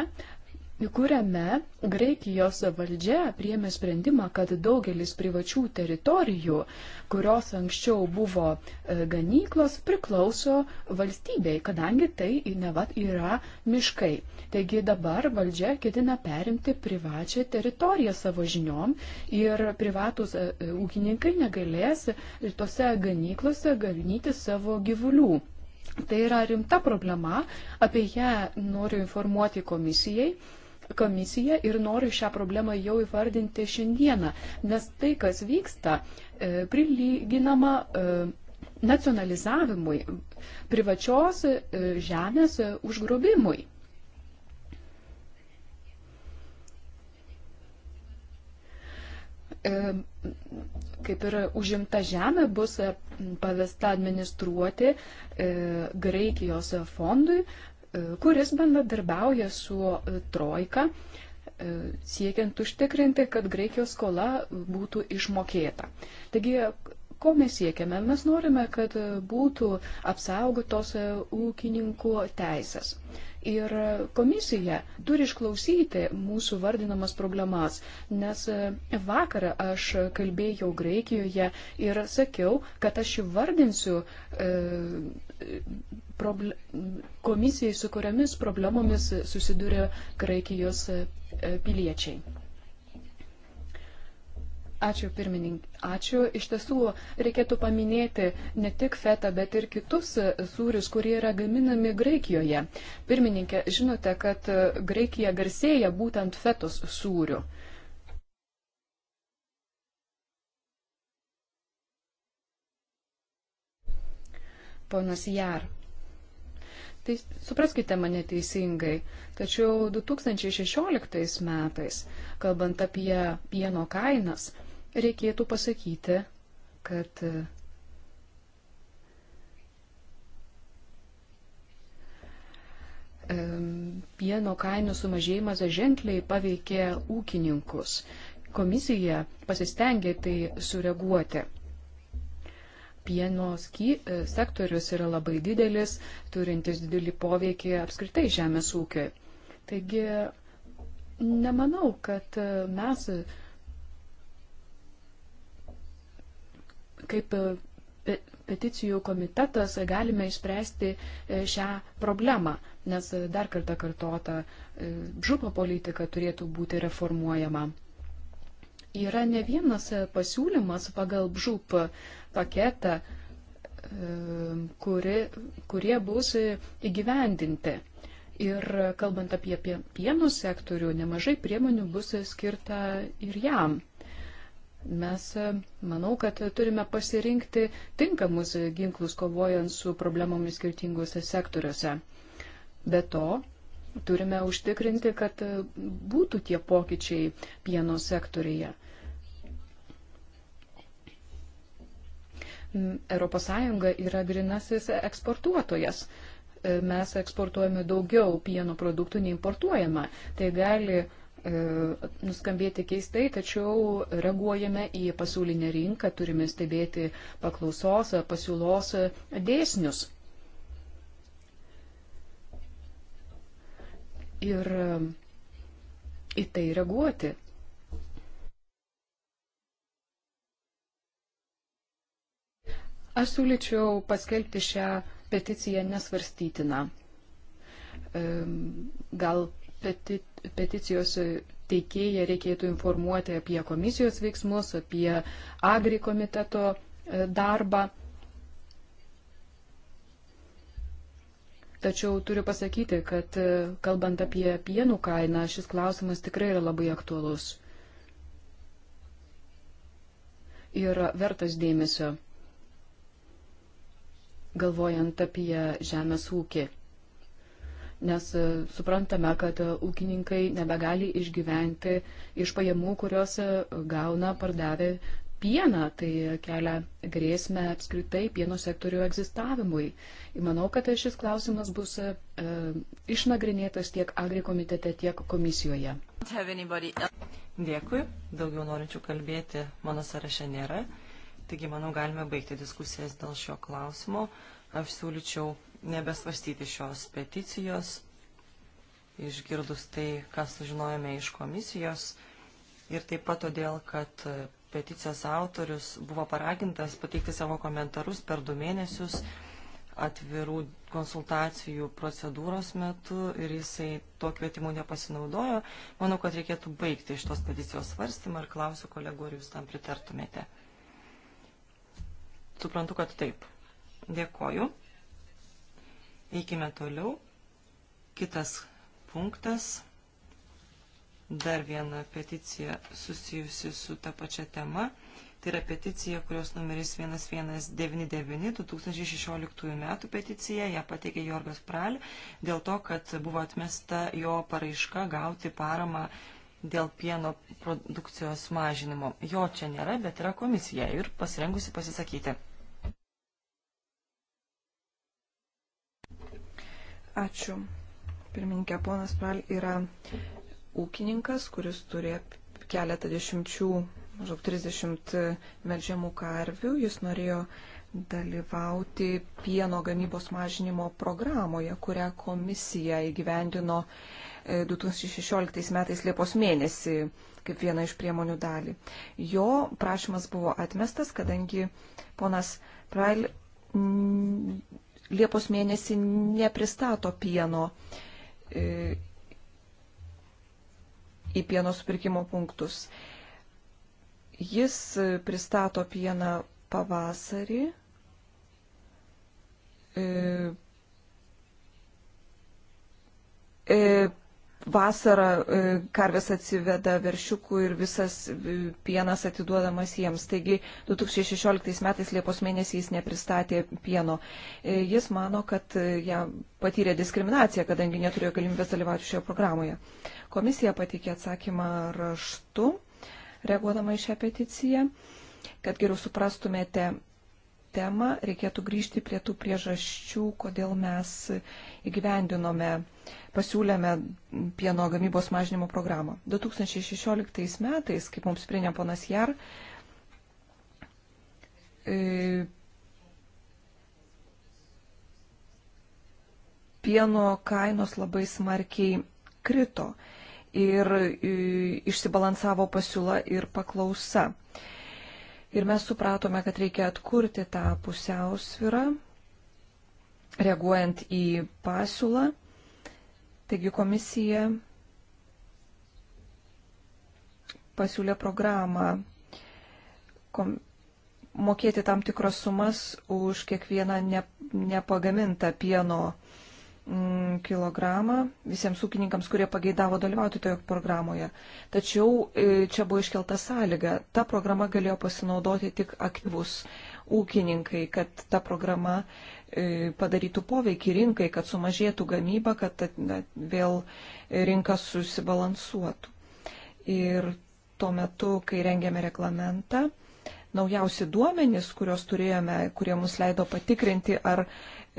kuriame Graikijos valdžia priemė sprendimą, kad daugelis privačių teritorijų, kurios anksčiau buvo e, ganyklos, priklauso valstybei, kadangi tai nevat yra miškai. Taigi dabar valdžia ketina perimti privačią teritoriją savo žiniom ir privatus e, ūkininkai negalės tose ganyklose ganyti savo gyvulių Tai yra rimta problema, apie ją noriu informuoti komisijai komisiją ir noriu šią problemą jau įvardinti šiandieną, nes tai, kas vyksta, e, prilyginama e, nacionalizavimui, privačios e, žemės e, užgrobimui. E, kaip ir užimta žemė bus e, pavesta administruoti e, Graikijos fondui, kuris bendradarbiauja su Trojka, siekiant užtikrinti, kad Graikijos skola būtų išmokėta. Taigi, ko mes siekiame? Mes norime, kad būtų apsaugotos ūkininkų teisės ir komisija turi išklausyti mūsų vardinamas problemas, nes e, vakar aš kalbėjau Graikijoje ir sakiau, kad aš įvardinsiu e, proble, komisijai, su kuriamis problemomis susiduria Graikijos e, piliečiai. Ačiū pirmininkai. Ačiū. Iš tiesų reikėtų paminėti ne tik fetą, bet ir kitus sūrius, kurie yra gaminami Graikijoje. Pirmininkė, žinote, kad Graikija garsėja būtent fetos sūriu. Ponas Jar. Tai supraskite mane teisingai, tačiau 2016 metais, kalbant apie pieno kainas, reikėtų pasakyti, kad pieno kainų sumažėjimas ženkliai paveikė ūkininkus. Komisija pasistengė tai sureaguoti. Pieno sky, e, sektorius yra labai didelis, turintis didelį poveikį apskritai žemės ūkiui. Taigi, nemanau, kad e, mes kaip e, peticijų komitetas galime išspręsti e, šią problemą, nes dar kartą kartota, e, župo politika turėtų būti reformuojama. Yra ne vienas pasiūlymas pagal žup paketą, kuri, kurie bus įgyvendinti. Ir kalbant apie pienų sektorių, nemažai priemonių bus skirta ir jam. Mes, e, manau, kad turime pasirinkti tinkamus ginklus kovojant su problemomis skirtinguose sektoriuose. Be to, turime užtikrinti, kad e, būtų tie pokyčiai pieno sektorija. ES yra grinasis eksportuotojas. E, mes eksportuojame daugiau pieno produktų nei importuojama. Tai gali E, nuskambėti keistai, tačiau reaguojame į pasaulinę rinką, turime stebėti paklausos, pasiūlos dėsnius. Ir į tai reaguoti. Aš siūlyčiau paskelbti šią peticiją nesvarstytiną. Gal peti, peticijos teikėją reikėtų informuoti apie komisijos veiksmus, apie agri komiteto e, darbą. Tačiau turiu pasakyti, kad e, kalbant apie pienų kainą, šis klausimas tikrai yra labai aktuolus ir vertas dėmesio, galvojant apie žemės ūkį nes e, suprantame, kad e, ūkininkai nebegali išgyventi iš pajamų, kurios e, gauna pardavę pieną, tai kelia grėsmę apskritai pieno sektorių egzistavimui. Manau, kad šis klausimas bus e, išnagrinėtas tiek Agri komitete, tiek komisijoje. Dėkui, daugiau norinčių kalbėti mano sąraše nėra, taigi manau galime baigti diskusijas dėl šio klausimo. Aš siūlyčiau nebesvarstyti šios peticijos, išgirdus tai, kas sužinojome iš komisijos ir taip pat todėl, kad peticijos autorius buvo paragintas pateikti savo komentarus per du mėnesius atvirų konsultacijų procedūros metu ir jisai tuo kvietimu nepasinaudojo. Manau, kad reikėtų baigti šitos peticijos svarstymą ir klausiu kolegų, ar jūs tam pritartumėte. Suprantu, kad taip. Dėkoju. Eikime toliau. Kitas punktas. Dar viena peticija susijusi su ta pačia tema. Tai yra peticija, kurios numeris 1199-2016 metų peticija, ją pateikė Jorgas Pral, dėl to, kad buvo atmesta jo paraiška gauti paramą dėl pieno produkcijos mažinimo. Jo čia nėra, bet yra komisija ir pasirengusi pasisakyti. Ačiū. Pirmininkė, ponas Pral yra ūkininkas, kuris turi keletą dešimčių, maždaug 30 melžiamų karvių. Jis norėjo dalyvauti pieno gamybos mažinimo programoje, kurią komisija įgyvendino 2016 e, metais Liepos mėnesį kaip vieną iš priemonių dalį. Jo prašymas buvo atmestas, kadangi ponas Prail Liepos mėnesį nepristato pieno e, į pieno supirkimo punktus. Jis pristato pieną pavasarį. E, e, vasarą e, karvės atsiveda veršiukų ir visas e, pienas atiduodamas jiems. Taigi 2016 metais Liepos mėnesį jis nepristatė pieno. E, jis mano, kad ją patyrė diskriminaciją, kadangi neturėjo galimybės dalyvauti šioje programoje. Komisija pateikė atsakymą raštu, reaguodama į šią peticiją, kad geriau suprastumėte temą, reikėtų grįžti prie tų priežasčių, kodėl mes įgyvendinome, pasiūlėme pieno gamybos mažinimo programą. 2016 metais, kaip mums prinė ponas Jar, e, pieno kainos labai smarkiai krito ir e, išsibalansavo pasiūla ir paklausa. Ir mes supratome, kad reikia atkurti tą pusiausvyrą, reaguojant į pasiūlą. Taigi komisija pasiūlė programą kom, mokėti tam tikras sumas už kiekvieną ne, nepagamintą pieno uh, Mm, kilogramą visiems ūkininkams, kurie pageidavo dalyvauti toje programoje. Tačiau e, čia buvo iškelta sąlyga. Ta programa galėjo pasinaudoti tik aktyvus ūkininkai, kad ta programa e, padarytų poveikį rinkai, kad sumažėtų gamyba, kad vėl rinka susibalansuotų. Ir tuo metu, kai rengėme reglamentą, naujausi duomenys, kuriuos turėjome, kurie mus leido patikrinti, ar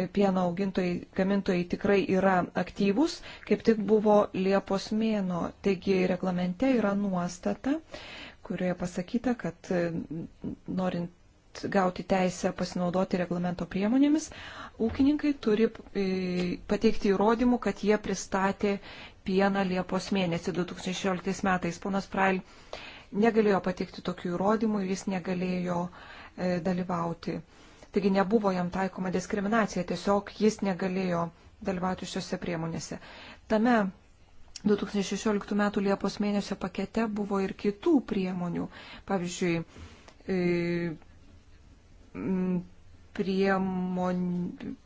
pieno augintojai, gamintojai tikrai yra aktyvūs, kaip tik buvo Liepos mėno. Taigi reglamente yra nuostata, kurioje pasakyta, kad mm, norint gauti teisę pasinaudoti reglamento priemonėmis, ūkininkai turi e, pateikti įrodymų, kad jie pristatė pieną Liepos mėnesį 2016 metais. Ponas Prail negalėjo pateikti tokių įrodymų ir jis negalėjo e, dalyvauti Taigi nebuvo jam taikoma diskriminacija, tiesiog jis negalėjo dalyvauti šiuose priemonėse. Tame 2016 m. Liepos mėnesio pakete buvo ir kitų priemonių. Pavyzdžiui, e, priemon,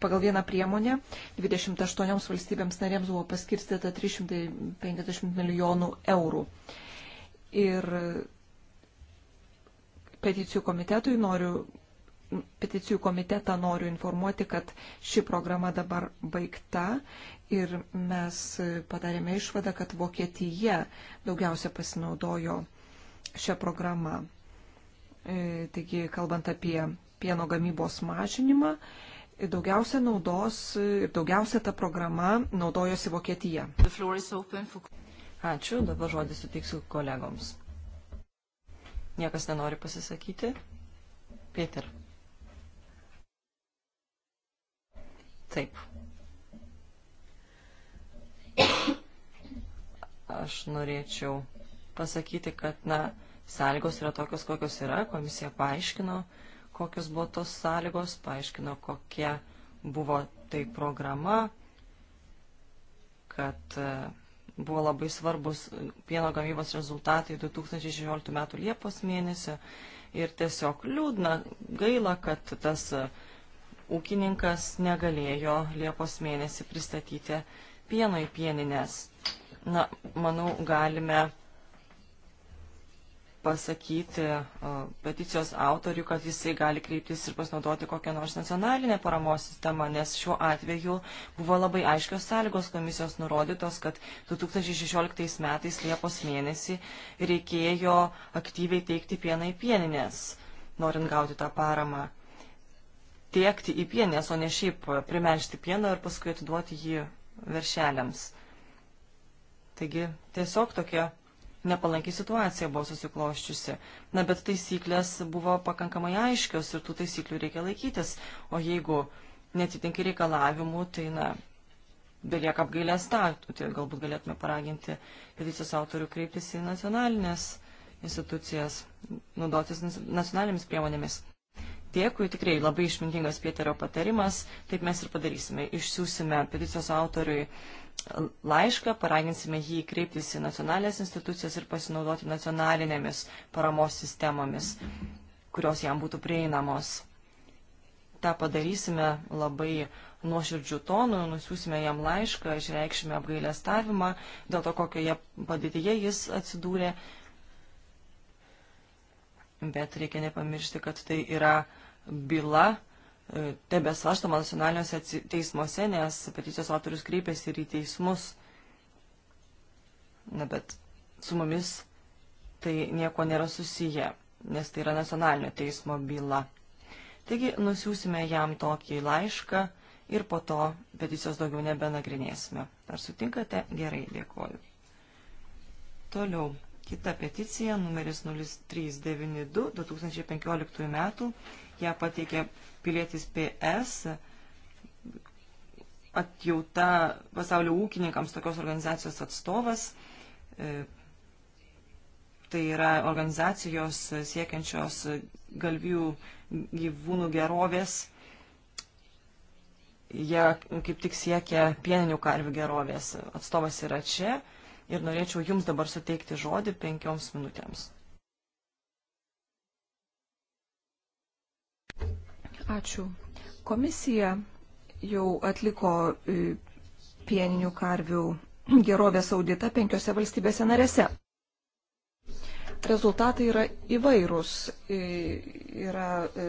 pagal vieną priemonę 28 valstybėms narėms buvo paskirstyta 350 milijonų eurų. Ir peticijų komitetui noriu peticijų komitetą noriu informuoti, kad ši programa dabar baigta ir mes padarėme išvadą, kad Vokietija daugiausia pasinaudojo šią programą. E, taigi, kalbant apie pieno gamybos mažinimą, daugiausia naudos ir daugiausia ta programa naudojosi Vokietija. Ačiū, dabar žodį suteiksiu kolegoms. Niekas nenori pasisakyti. Peter. Taip. Aš norėčiau pasakyti, kad, na, sąlygos yra tokios, kokios yra. Komisija paaiškino, kokios buvo tos sąlygos, paaiškino, kokia buvo tai programa, kad e, buvo labai svarbus pieno gamybos rezultatai 2016 m. Liepos mėnesio. Ir tiesiog liūdna, gaila, kad tas ūkininkas negalėjo Liepos mėnesį pristatyti pieno į pieninės. Na, manau, galime pasakyti peticijos autorių, kad jisai gali kreiptis ir pasinaudoti kokią nors nacionalinę paramos sistemą, nes šiuo atveju buvo labai aiškios sąlygos komisijos nurodytos, kad 2016 metais Liepos mėnesį reikėjo aktyviai teikti pieną į pieninės, norint gauti tą paramą tiekti į pienės, o ne šiaip primelžti pieną ir paskui atiduoti jį veršeliams. Taigi tiesiog tokia nepalanki situacija buvo susikloščiusi. Na, bet taisyklės buvo pakankamai aiškios ir tų taisyklių reikia laikytis. O jeigu netitinki reikalavimų, tai, na, belieka apgailę statų. Tai galbūt galėtume paraginti peticijos autorių kreiptis į nacionalinės institucijas, naudotis nacionalinėmis priemonėmis. Dėkui, tikrai labai išmintingas Pieterio patarimas, taip mes ir padarysime. Išsiųsime peticijos autoriui laišką, paraginsime jį kreiptis į nacionalinės institucijas ir pasinaudoti nacionalinėmis paramos sistemomis, kurios jam būtų prieinamos. Ta padarysime labai nuoširdžių tonų, nusiųsime jam laišką, išreikšime apgailestavimą dėl to, kokioje padėtyje jis atsidūrė. Bet reikia nepamiršti, kad tai yra byla e, tebe svarstama nacionaliniuose teismuose, nes peticijos autorius kreipėsi ir į teismus. Na, bet su mumis tai nieko nėra susiję, nes tai yra nacionalinio teismo byla. Taigi nusiųsime jam tokį laišką ir po to peticijos daugiau nebenagrinėsime. Ar sutinkate? Gerai, dėkoju. Toliau. Kita peticija, numeris 0392 2015 metų ją pateikė pilietis PS. Atjauta pasaulio ūkininkams tokios organizacijos atstovas. E, tai yra organizacijos siekiančios galvijų gyvūnų gerovės. Jie kaip tik siekia pieninių karvių gerovės. Atstovas yra čia ir norėčiau Jums dabar suteikti žodį penkioms minutėms. Ačiū. Komisija jau atliko e, pieninių karvių gerovės auditą penkiose valstybėse narėse. Rezultatai yra įvairūs. E, yra e,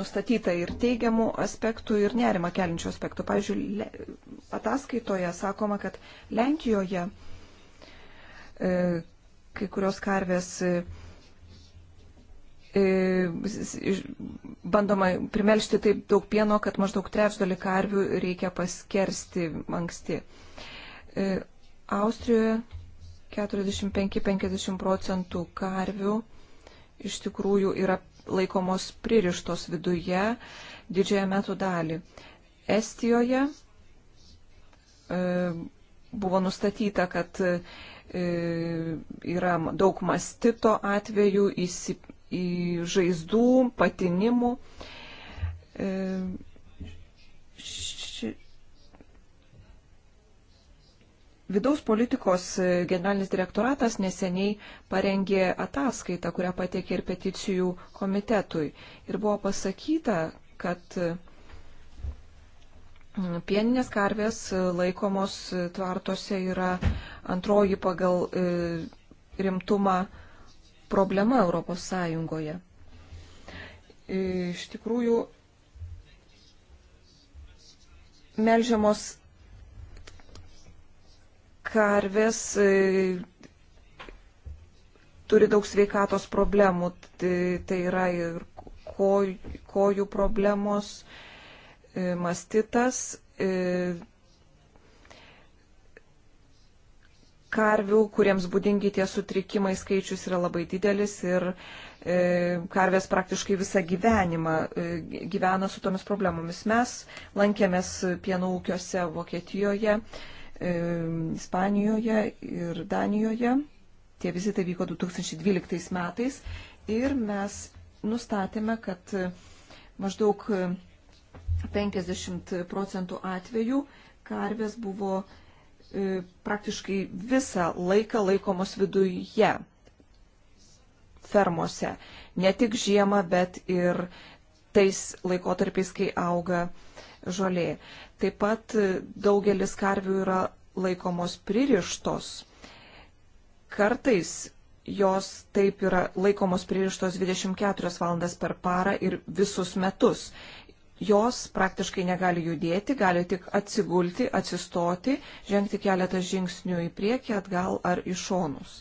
nustatyta ir teigiamų aspektų, ir nerima keliančių aspektų. Pavyzdžiui, ataskaitoje sakoma, kad Lenkijoje kai kurios karvės E, bandoma primelšti taip daug pieno, kad maždaug trečdalį karvių reikia paskersti anksti. E, Austrijoje 45-50 procentų karvių iš tikrųjų yra laikomos pririštos viduje didžiąją metų dalį. Estijoje e, buvo nustatyta, kad yra daug mastito atvejų, įsip į žaizdų, patinimų. E, ši... Vidaus politikos generalinis direktoratas neseniai parengė ataskaitą, kurią pateikė ir peticijų komitetui. Ir buvo pasakyta, kad mm, pieninės karvės laikomos tvartose yra antroji pagal e, rimtumą problema Europos Sąjungoje. Iš tikrųjų, melžiamos karvės e, turi daug sveikatos problemų, tai, tai yra ir kojų problemos, e, mastitas, e, karvių, kuriems būdingi tie sutrikimai skaičius yra labai didelis ir e, karvės praktiškai visą gyvenimą e, gyvena su tomis problemomis. Mes lankėmės pieno ūkiuose Vokietijoje, e, Ispanijoje ir Danijoje. Tie vizitai vyko 2012 metais ir mes nustatėme, kad maždaug 50 procentų atvejų karvės buvo E, praktiškai visą laiką laikomos viduje fermose. Ne tik žiemą, bet ir tais laikotarpiais, kai auga žolė. Taip pat daugelis karvių yra laikomos pririštos. Kartais jos taip yra laikomos pririštos 24 valandas per parą ir visus metus jos praktiškai negali judėti, gali tik atsigulti, atsistoti, žengti keletą žingsnių į priekį, atgal ar į šonus.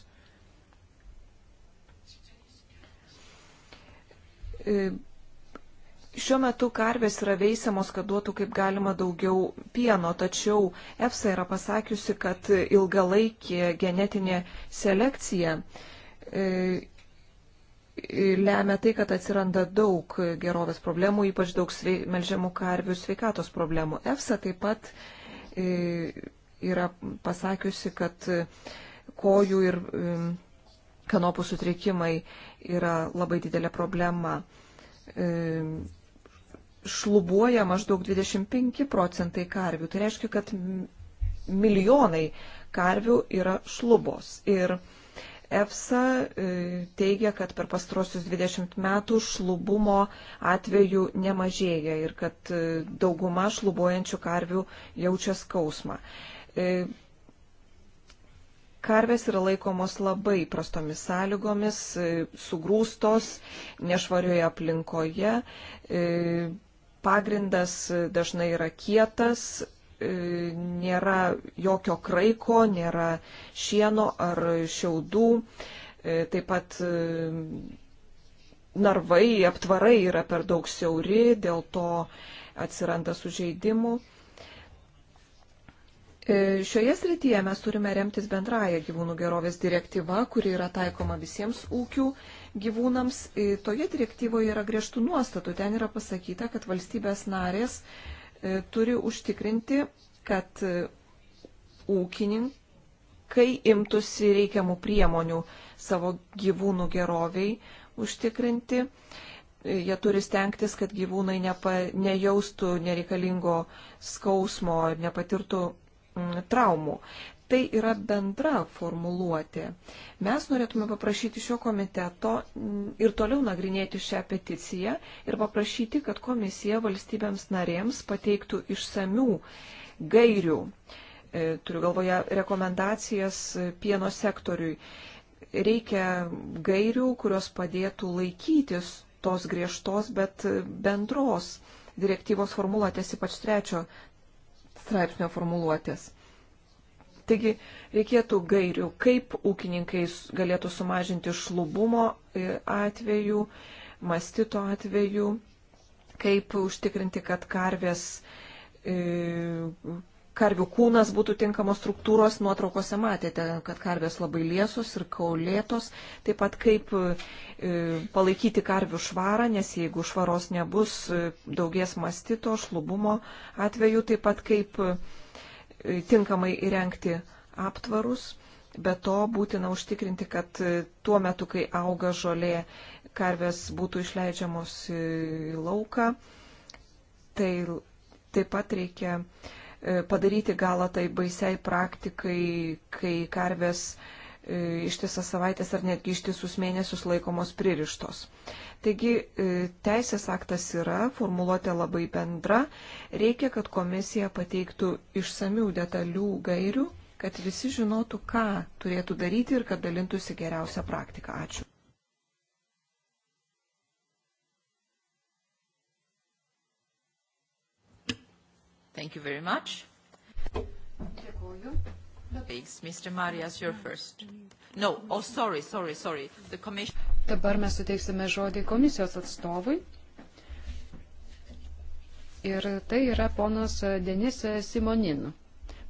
E, šiuo metu karvės yra veisiamos, kad duotų kaip galima daugiau pieno, tačiau EFSA yra pasakiusi, kad ilgalaikė genetinė selekcija e, lemia tai, kad atsiranda daug gerovės problemų, ypač daug svei, melžiamų karvių sveikatos problemų. EFSA taip pat e, yra pasakiusi, kad e, kojų ir e, kanopų sutrikimai yra labai didelė problema. Šlubuoja maždaug 25 procentai karvių. Tai reiškia, kad milijonai karvių yra šlubos. Ir EFSA e, teigia, kad per pastrosius 20 metų šlubumo atveju nemažėja ir kad e, dauguma šlubuojančių karvių jaučia skausmą. E, karvės yra laikomos labai prastomis sąlygomis, sugrūstos, nešvarioje aplinkoje. Pagrindas dažnai yra kietas, E, nėra jokio kraiko, nėra šieno ar šiaudų. E, taip pat e, narvai, aptvarai yra per daug siauri, dėl to atsiranda sužeidimų. Šioje srityje mes turime remtis bendraja gyvūnų gerovės direktyva, kuri yra taikoma visiems ūkių gyvūnams. Toje direktyvoje yra griežtų nuostatų. Ten yra pasakyta, kad valstybės narės E, turi užtikrinti, kad e, ūkininkai imtųsi reikiamų priemonių savo gyvūnų geroviai užtikrinti. E, jie turi stengtis, kad gyvūnai nepa, nejaustų nereikalingo skausmo ir nepatirtų traumų tai yra bendra formuluotė. Mes norėtume paprašyti šio komiteto mm, ir toliau nagrinėti šią peticiją ir paprašyti, kad komisija valstybėms narėms pateiktų išsamių gairių, e, turiu galvoje rekomendacijas e, pieno sektoriui. Reikia gairių, kurios padėtų laikytis tos griežtos, bet e, bendros direktyvos formuluotės, ypač trečio straipsnio formuluotės. Taigi reikėtų gairių, kaip ūkininkai galėtų sumažinti šlubumo e, atveju, mastito atveju, kaip užtikrinti, kad karvės, e, karvių kūnas būtų tinkamos struktūros. Nuotraukose matėte, kad karvės labai liesos ir kaulėtos. Taip pat kaip e, palaikyti karvių švarą, nes jeigu švaros nebus, daugės mastito, šlubumo atveju, taip pat kaip tinkamai įrengti aptvarus, bet to būtina užtikrinti, kad tuo metu, kai auga žolė, karvės būtų išleidžiamos į lauką. Tai taip pat reikia e, padaryti galą tai baisiai praktikai, kai karvės uh, E, ištisas savaitės ar netgi ištisus mėnesius laikomos pririštos. Taigi e, teisės aktas yra, formuluotė labai bendra, reikia, kad komisija pateiktų išsamių detalių gairių, kad visi žinotų, ką turėtų daryti ir kad dalintųsi geriausią praktiką. Ačiū. Thank you very much. Dėkuoju. Mr. Marijas, you're first. No, oh, sorry, sorry, sorry. The commission... Dabar mes suteiksime žodį komisijos atstovui. Ir tai yra ponas Denis Simonin.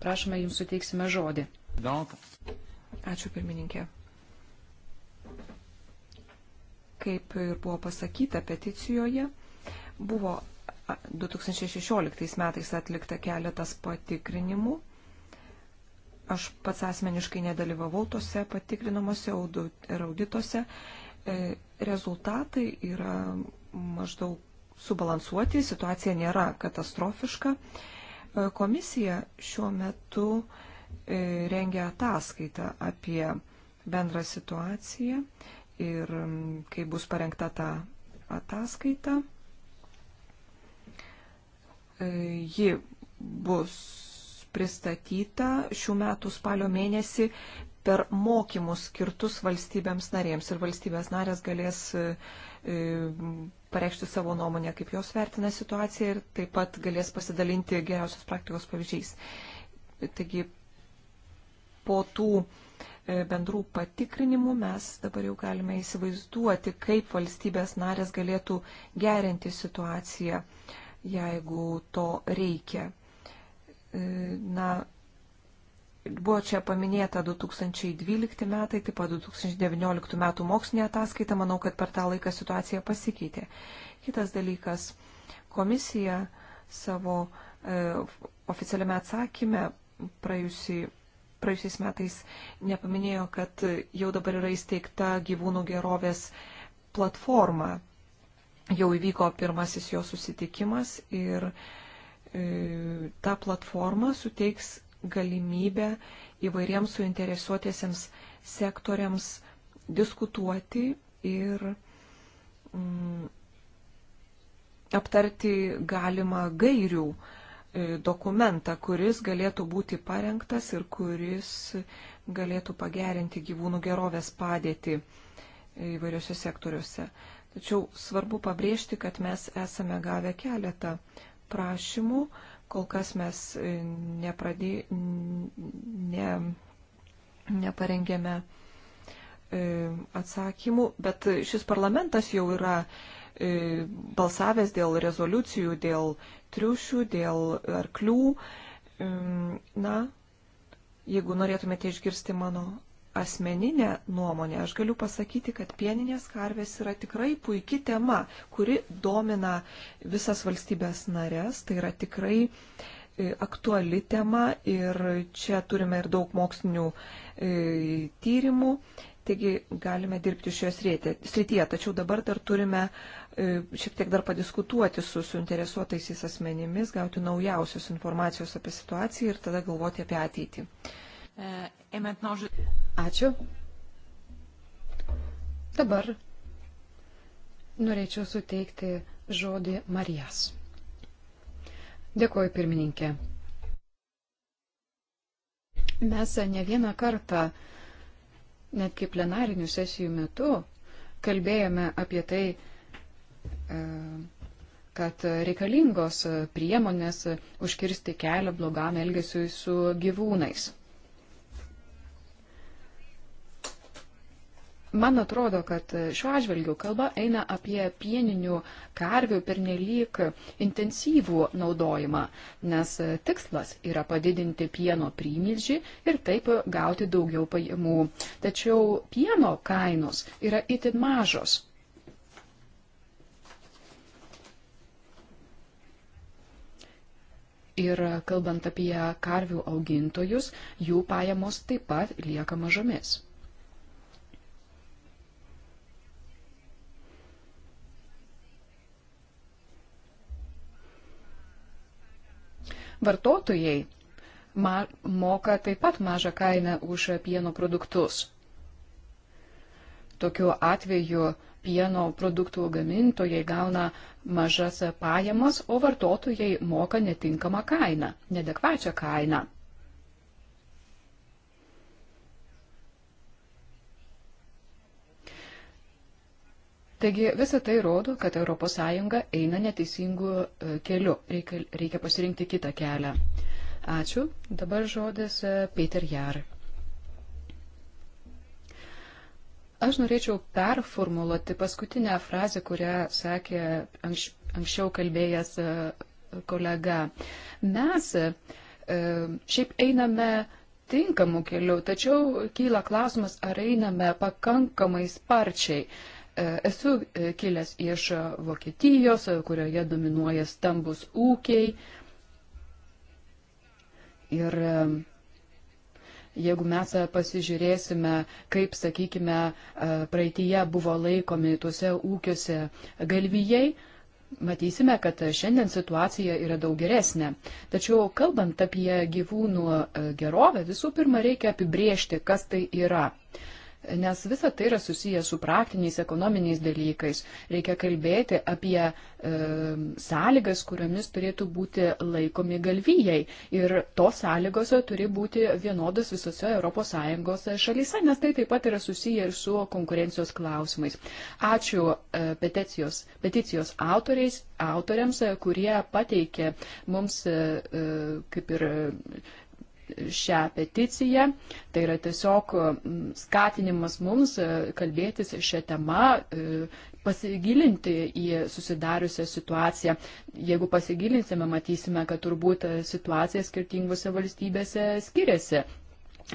Prašome, jums suteiksime žodį. Ačiū pirmininkė. Kaip ir buvo pasakyta peticijoje, buvo 2016 metais atlikta keletas patikrinimų Aš pats asmeniškai nedalyvavau tose patikrinamuose ir audituose. E, rezultatai yra maždaug subalansuoti, situacija nėra katastrofiška. E, komisija šiuo metu e, rengia ataskaitą apie bendrą situaciją ir kai bus parengta ta ataskaita, ji bus pristatyta šių metų spalio mėnesį per mokymus skirtus valstybėms narėms. Ir valstybės narės galės e, e, pareikšti savo nuomonę, kaip jos vertina situaciją ir taip pat galės pasidalinti geriausios praktikos pavyzdžiais. Taigi po tų e, bendrų patikrinimų mes dabar jau galime įsivaizduoti, kaip valstybės narės galėtų gerinti situaciją, jeigu to reikia na, buvo čia paminėta 2012 metai, taip pat 2019 metų mokslinė ataskaita, manau, kad per tą laiką situacija pasikeitė. Kitas dalykas, komisija savo e, oficialiame atsakyme praėjusi, praėjusiais metais nepaminėjo, kad jau dabar yra įsteigta gyvūnų gerovės platforma. Jau įvyko pirmasis jo susitikimas ir e, E, ta platforma suteiks galimybę įvairiems suinteresuotiesiems sektoriams diskutuoti ir mm, aptarti galimą gairių e, dokumentą, kuris galėtų būti parengtas ir kuris galėtų pagerinti gyvūnų gerovės padėtį e, įvairiose sektoriuose. Tačiau svarbu pabrėžti, kad mes esame gavę keletą prašymų. Kol kas mes e, nepradė, ne, neparengėme e, atsakymų, bet šis parlamentas jau yra e, balsavęs dėl rezoliucijų, dėl triušių, dėl arklių. Na, jeigu norėtumėte išgirsti mano asmeninę nuomonę aš galiu pasakyti, kad pieninės karvės yra tikrai puikia tema, kuri domina visas valstybės narės. Tai yra tikrai e, aktuali tema ir čia turime ir daug mokslinių e, tyrimų. Taigi galime dirbti šioje srityje, tačiau dabar dar turime e, šiek tiek dar padiskutuoti su suinteresuotaisiais asmenimis, gauti naujausios informacijos apie situaciją ir tada galvoti apie ateitį. Euh, Ačiū. Dabar norėčiau suteikti žodį Marijas. Dėkuoju, pirmininkė. Mes ne vieną kartą, netgi plenarinių sesijų metu, kalbėjome apie tai, e, kad reikalingos priemonės užkirsti kelią blogam elgesiui su gyvūnais. Man atrodo, kad šiuo atžvilgiu kalba eina apie pieninių karvių pernelyg intensyvų naudojimą, nes tikslas yra padidinti pieno primilžį ir taip gauti daugiau pajamų. Tačiau pieno kainos yra itin mažos. Ir kalbant apie karvių augintojus, jų pajamos taip pat lieka mažomis. Vartotojai ma moka taip pat mažą kainą už pieno produktus. Tokiu atveju pieno produktų gamintojai gauna mažas pajamas, o vartotojai moka netinkamą kainą, nedekvačią kainą. Taigi visa tai rodo, kad ES eina neteisingu e, keliu. Reikia, reikia pasirinkti kitą kelią. Ačiū. Dabar žodis e, Peter Jar. Aš norėčiau performuluoti paskutinę frazę, kurią sakė anks, anksčiau kalbėjęs e, kolega. Mes šiaip einame tinkamų kelių, tačiau kyla klausimas, ar einame pakankamai sparčiai. Esu e, kilęs iš Vokietijos, kurioje dominuoja stambus ūkiai. Ir e, jeigu mes pasižiūrėsime, kaip, sakykime, e, praeitie buvo laikomi tuose ūkiuose galvijai, matysime, kad šiandien situacija yra daug geresnė. Tačiau, kalbant apie gyvūnų gerovę, visų pirma reikia apibriežti, kas tai yra nes visa tai yra susiję su praktiniais ekonominiais dalykais. Reikia kalbėti apie e, sąlygas, kuriomis turėtų būti laikomi galvijai. Ir tos sąlygos turi būti vienodas visose ES šalyse, nes tai taip pat yra susiję ir su konkurencijos klausimais. Ačiū e, peticijos, peticijos autoriais, autoriams, kurie pateikė mums e, e kaip ir šią peticiją. Tai yra tiesiog mm, skatinimas mums e, kalbėtis šią temą, e, pasigilinti į susidariusią situaciją. Jeigu pasigilinsime, matysime, kad turbūt situacija skirtingose valstybėse skiriasi.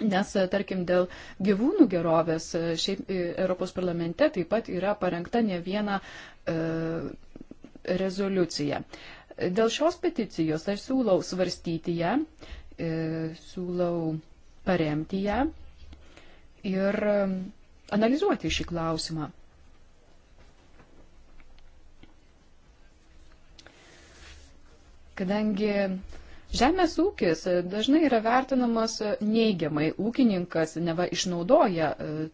Nes, e, tarkim, dėl gyvūnų gerovės, šiaip Europos parlamente taip pat yra parengta ne viena e, rezoliucija. Dėl šios peticijos aš siūlau svarstyti ją, E, siūlau paremti ją ir um, analizuoti šį klausimą. Kadangi žemės ūkis e, dažnai yra vertinamas e, neigiamai, ūkininkas neva išnaudoja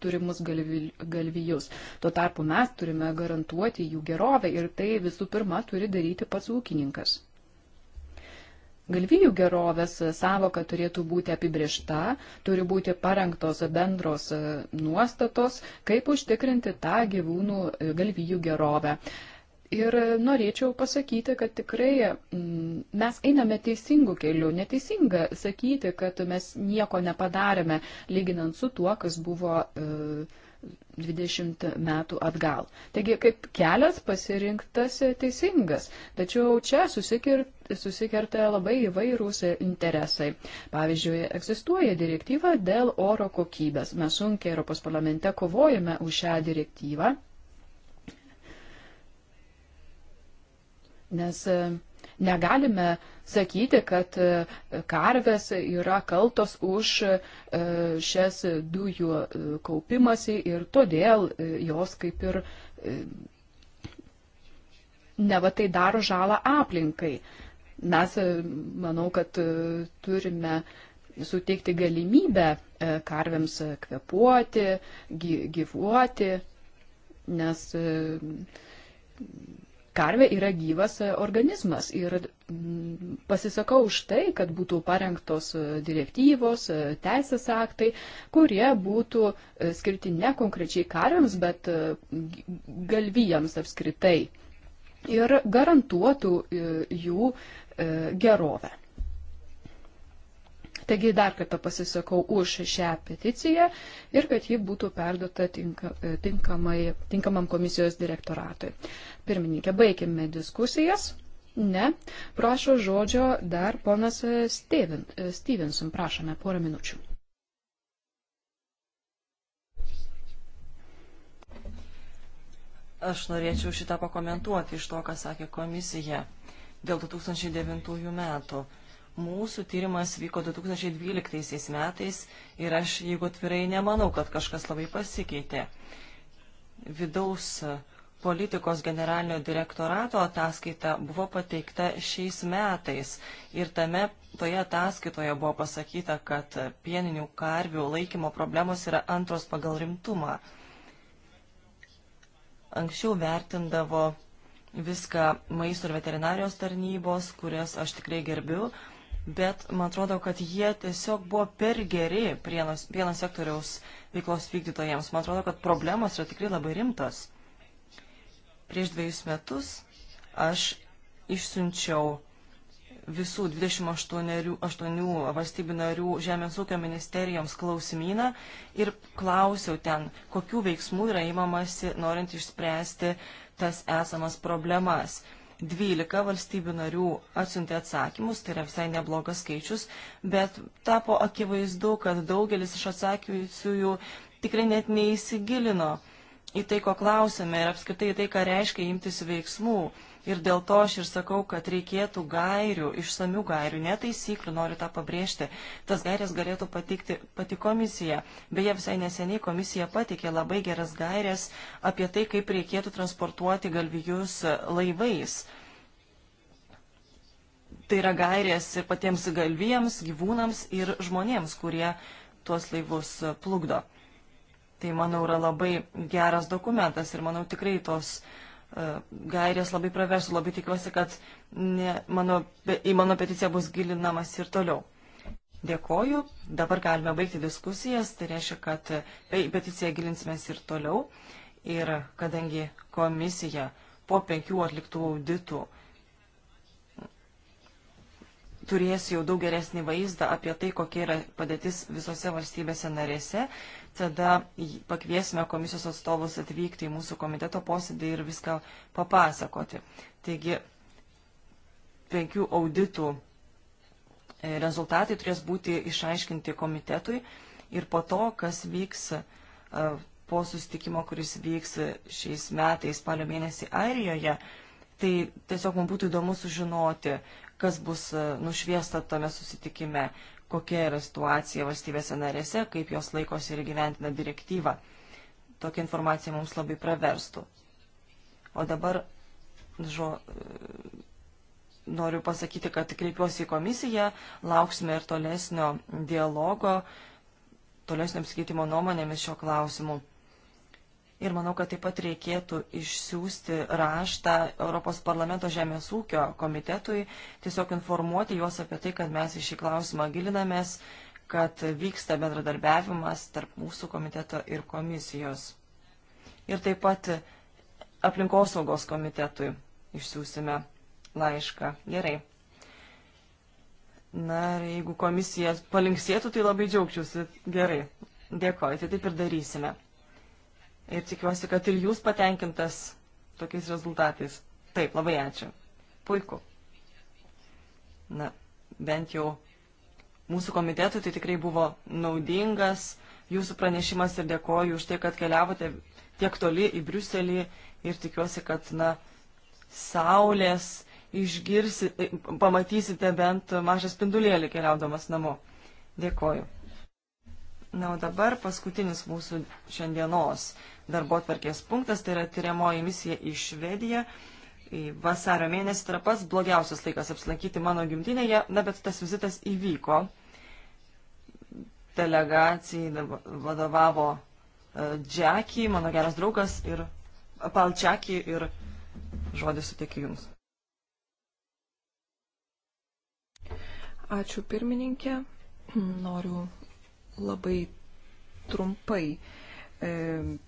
turimus galvijus. Tuo tarpu mes turime garantuoti jų gerovę ir tai visų pirma turi daryti pats ūkininkas. Galvijų gerovės savoka turėtų būti apibriešta, turi būti parengtos bendros e, nuostatos, kaip užtikrinti tą gyvūnų e, galvijų gerovę. Ir norėčiau pasakyti, kad tikrai mm, mes einame teisingu keliu. Neteisinga sakyti, kad mes nieko nepadarėme, lyginant su tuo, kas buvo. E, 20 metų atgal. Taigi, kaip kelias pasirinktas teisingas, tačiau čia susikirti susikerta labai įvairūs interesai. Pavyzdžiui, egzistuoja direktyva dėl oro kokybės. Mes sunkiai Europos parlamente kovojame už šią direktyvą, nes negalime uh, sakyti, kad e, karvės yra kaltos už e, šias dujų e, kaupimasi ir todėl jos kaip ir neva tai daro žalą aplinkai. Mes, manau, kad turime suteikti galimybę karvėms kvepuoti, gyvuoti, nes karvė yra gyvas e, organizmas ir mm, pasisakau už tai, kad būtų parengtos e, direktyvos, e, teisės aktai, kurie būtų skirti ne konkrečiai karvėms, bet galvijams apskritai ir garantuotų jų gerovę. Taigi dar kartą pasisakau už šią peticiją ir kad ji būtų perduota tinka, e, tinkamai, tinkamam komisijos direktoratui. Pirmininkė, baigime diskusijas. Ne, prašo žodžio dar ponas e, Steven, e, Stevenson, prašome porą minučių. Aš norėčiau šitą pakomentuoti iš to, ką sakė komisija dėl 2009 metų. Mūsų tyrimas vyko 2012 metais ir aš, jeigu atvirai, nemanau, kad kažkas labai pasikeitė. Vidaus politikos generalinio direktorato ataskaita buvo pateikta šiais metais ir tame toje ataskaitoje buvo pasakyta, kad pieninių karvių laikymo problemos yra antros pagal rimtumą. Anksčiau vertindavo viską maisto ir veterinarijos tarnybos, kurias aš tikrai gerbiu, bet man atrodo, kad jie tiesiog buvo per geri vieno sektoriaus veiklos vykdytojams. Man atrodo, kad problemos yra tikrai labai rimtos. Prieš dviejus metus aš išsiunčiau visų 28 valstybių narių Žemės ūkio ministerijoms klausimyną ir klausiau ten, kokių veiksmų yra įmamasi, norint išspręsti tas esamas problemas. 12 valstybių narių atsiuntė atsakymus, tai yra visai neblogas skaičius, bet tapo akivaizdu, kad daugelis iš atsakiusiųjų tikrai net neįsigilino į tai, ko klausėme ir apskritai į tai, ką reiškia imtis veiksmų. Ir dėl to aš ir sakau, kad reikėtų gairių, išsamių gairių, ne taisyklių, noriu tą pabrėžti. Tas gairės galėtų patikti pati komisija. Beje, visai neseniai komisija patikė labai geras gairės apie tai, kaip reikėtų transportuoti galvijus laivais. Tai yra gairės ir patiems galvijams, gyvūnams ir žmonėms, kurie tuos laivus plukdo. Tai, manau, yra labai geras dokumentas ir, manau, tikrai tos uh, gairės labai praversų. Labai tikiuosi, kad ne, mano, į mano peticiją bus gilinamas ir toliau. Dėkoju. Dabar galime baigti diskusijas. Tai reiškia, kad peticiją gilinsimės ir toliau. Ir kadangi komisija po penkių atliktų auditų turės jau daug geresnį vaizdą apie tai, kokia yra padėtis visose valstybėse narėse, tada pakviesime komisijos atstovus atvykti į mūsų komiteto posėdį ir viską papasakoti. Taigi, penkių auditų e, rezultatai turės būti išaiškinti komitetui ir po to, kas vyks e, po sustikimo, kuris vyks šiais metais spalio mėnesį Airijoje, tai tiesiog man būtų įdomu sužinoti, kas bus e, nušviesta tame susitikime, kokia yra situacija valstybėse narėse, kaip jos laikosi ir gyventina direktyvą. Tokia informacija mums labai praverstų. O dabar žo, noriu pasakyti, kad kreipiuosi į komisiją, lauksime ir tolesnio dialogo, tolesnio apsikeitimo nuomonėmis šio klausimu. Ir manau, kad taip pat reikėtų išsiųsti raštą Europos parlamento žemės ūkio komitetui, tiesiog informuoti juos apie tai, kad mes į šį klausimą gilinamės, kad vyksta bendradarbiavimas tarp mūsų komiteto ir komisijos. Ir taip pat aplinkosaugos komitetui išsiųsime laišką. Gerai. Na ir jeigu komisija palinksėtų, tai labai džiaugčiausi. Gerai. Dėkoju. Tai taip ir darysime. Ir tikiuosi, kad ir jūs patenkintas tokiais rezultatais. Taip, labai ačiū. Puiku. Na, bent jau mūsų komitetui tai tikrai buvo naudingas jūsų pranešimas ir dėkoju už tai, kad keliavote tiek toli į Briuselį ir tikiuosi, kad, na, saulės išgirsi, pamatysite bent mažą spindulėlį keliaudamas namo. Dėkoju. Na, o dabar paskutinis mūsų šiandienos darbo tvarkės punktas, tai yra tyriamoji misija į Švediją. Vasario mėnesį tai yra pats blogiausias laikas apsilankyti mano gimtinėje, na, bet tas vizitas įvyko. Delegacijai vadovavo e, Džekį, mano geras draugas, ir Palčekį ir žodį suteikiu Jums. Ačiū pirmininkė. (clears throat) Noriu labai trumpai e,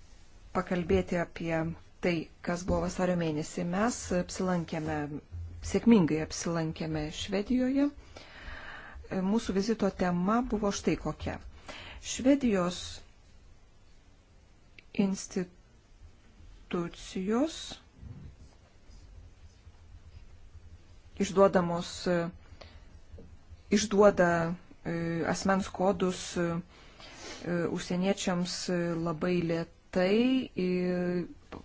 pakalbėti apie tai, kas buvo vasario mėnesį. Mes apsilankėme, sėkmingai apsilankėme Švedijoje. E, mūsų vizito tema buvo štai kokia. Švedijos institucijos išduodamos e, išduoda E, asmens kodus e, e, užsieniečiams labai lėtai,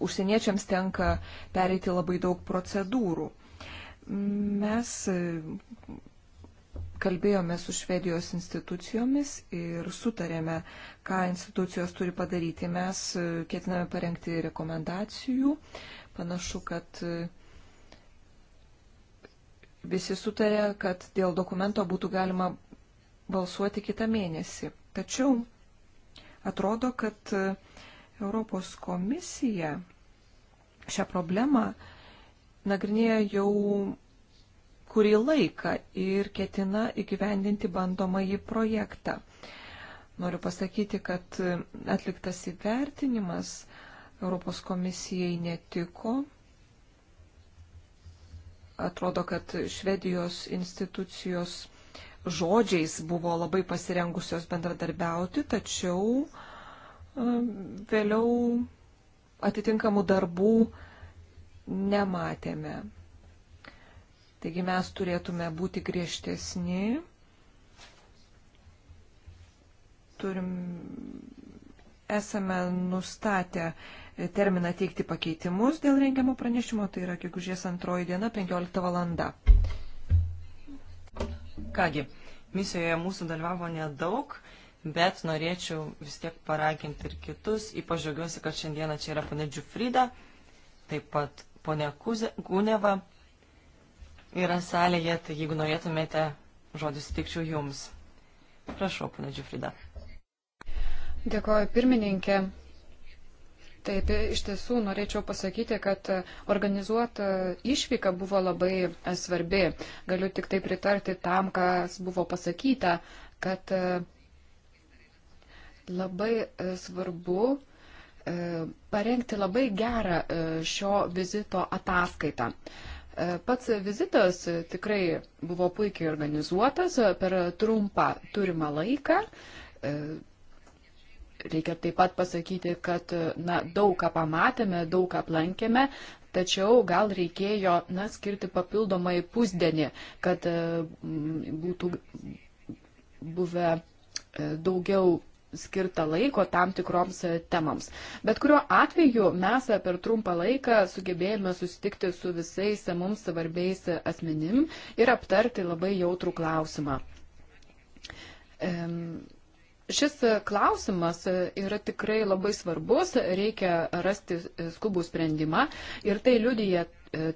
užsieniečiams tenka pereiti labai daug procedūrų. Mes kalbėjome su Švedijos institucijomis ir sutarėme, ką institucijos turi padaryti. Mes ketiname parengti rekomendacijų. Panašu, kad visi sutarė, kad dėl dokumento būtų galima balsuoti kitą mėnesį. Tačiau atrodo, kad Europos komisija šią problemą nagrinėja jau kurį laiką ir ketina įgyvendinti bandomąjį projektą. Noriu pasakyti, kad atliktas įvertinimas Europos komisijai netiko. Atrodo, kad Švedijos institucijos žodžiais buvo labai pasirengusios bendradarbiauti, tačiau um, vėliau atitinkamų darbų nematėme. Taigi mes turėtume būti griežtesni, turim, esame nustatę terminą teikti pakeitimus dėl rengiamo pranešimo, tai yra gegužės antroji diena, 15 valanda. Kągi, misijoje mūsų dalyvavo nedaug, bet norėčiau vis tiek paraginti ir kitus. Ypač džiaugiuosi, kad šiandieną čia yra ponė Džiufrida, taip pat ponė Kuneva yra salėje, tai jeigu norėtumėte, žodis tikčiau jums. Prašau, ponė Džiufrida. Dėkoju pirmininkė. Taip, iš tiesų norėčiau pasakyti, kad organizuota išvyka buvo labai svarbi. Galiu tik tai pritarti tam, kas buvo pasakyta, kad e, labai e, svarbu e, parengti labai gerą šio vizito ataskaitą. Pats vizitas tikrai buvo puikiai organizuotas per trumpą turimą laiką Reikia taip pat pasakyti, kad na, daug ką pamatėme, daug ką aplankėme, tačiau gal reikėjo na, skirti papildomai pusdienį, kad mm, būtų buvę e, daugiau skirta laiko tam tikroms e, temams. Bet kuriuo atveju mes per trumpą laiką sugebėjome susitikti su visais mums svarbiais asmenim ir aptarti labai jautrų klausimą. Ehm Šis klausimas yra tikrai labai svarbus, reikia rasti skubų sprendimą ir tai liudyje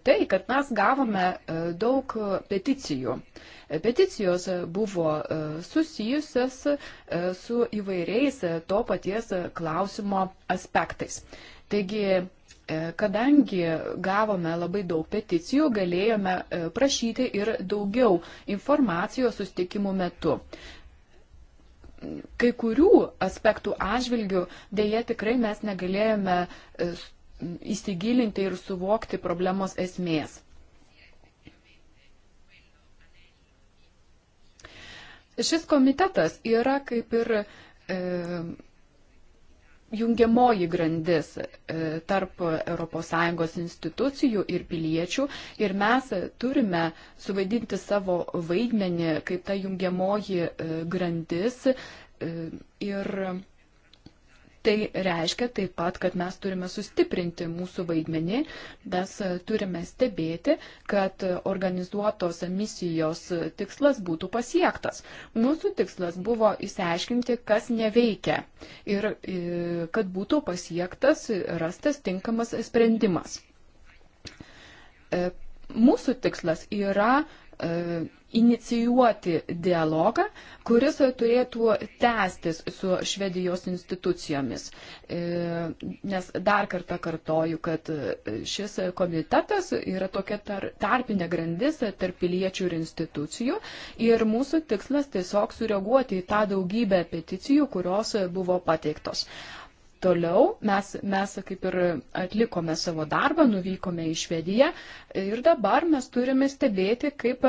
tai, kad mes gavome e, daug peticijų. Peticijos buvo e, susijusios e, su įvairiais to paties klausimo aspektais. Taigi, kadangi gavome labai daug peticijų, galėjome prašyti ir daugiau informacijos sustikimų metu kai kurių aspektų atžvilgių dėje tikrai mes negalėjome e, įsigilinti ir suvokti problemos esmės. Šis komitetas yra kaip ir e, jungiamoji grandis e, tarp ES institucijų ir piliečių ir mes turime suvaidinti savo vaidmenį kaip ta jungiamoji e, grandis e, ir Tai reiškia taip pat, kad mes turime sustiprinti mūsų vaidmenį, mes e, turime stebėti, kad organizuotos misijos tikslas būtų pasiektas. Mūsų tikslas buvo įsiaiškinti, kas neveikia ir e, kad būtų pasiektas rastas tinkamas sprendimas e, mūsų tikslas yra E, inicijuoti dialogą, kuris turėtų tęstis su Švedijos institucijomis. E, nes dar kartą kartoju, kad šis komitetas yra tokia tar, tarpinė grandis tarp piliečių ir institucijų ir mūsų tikslas tiesiog sureaguoti į tą daugybę peticijų, kurios buvo pateiktos. Toliau mes, mes kaip ir atlikome savo darbą, nuvykome į Švediją ir dabar mes turime stebėti, kaip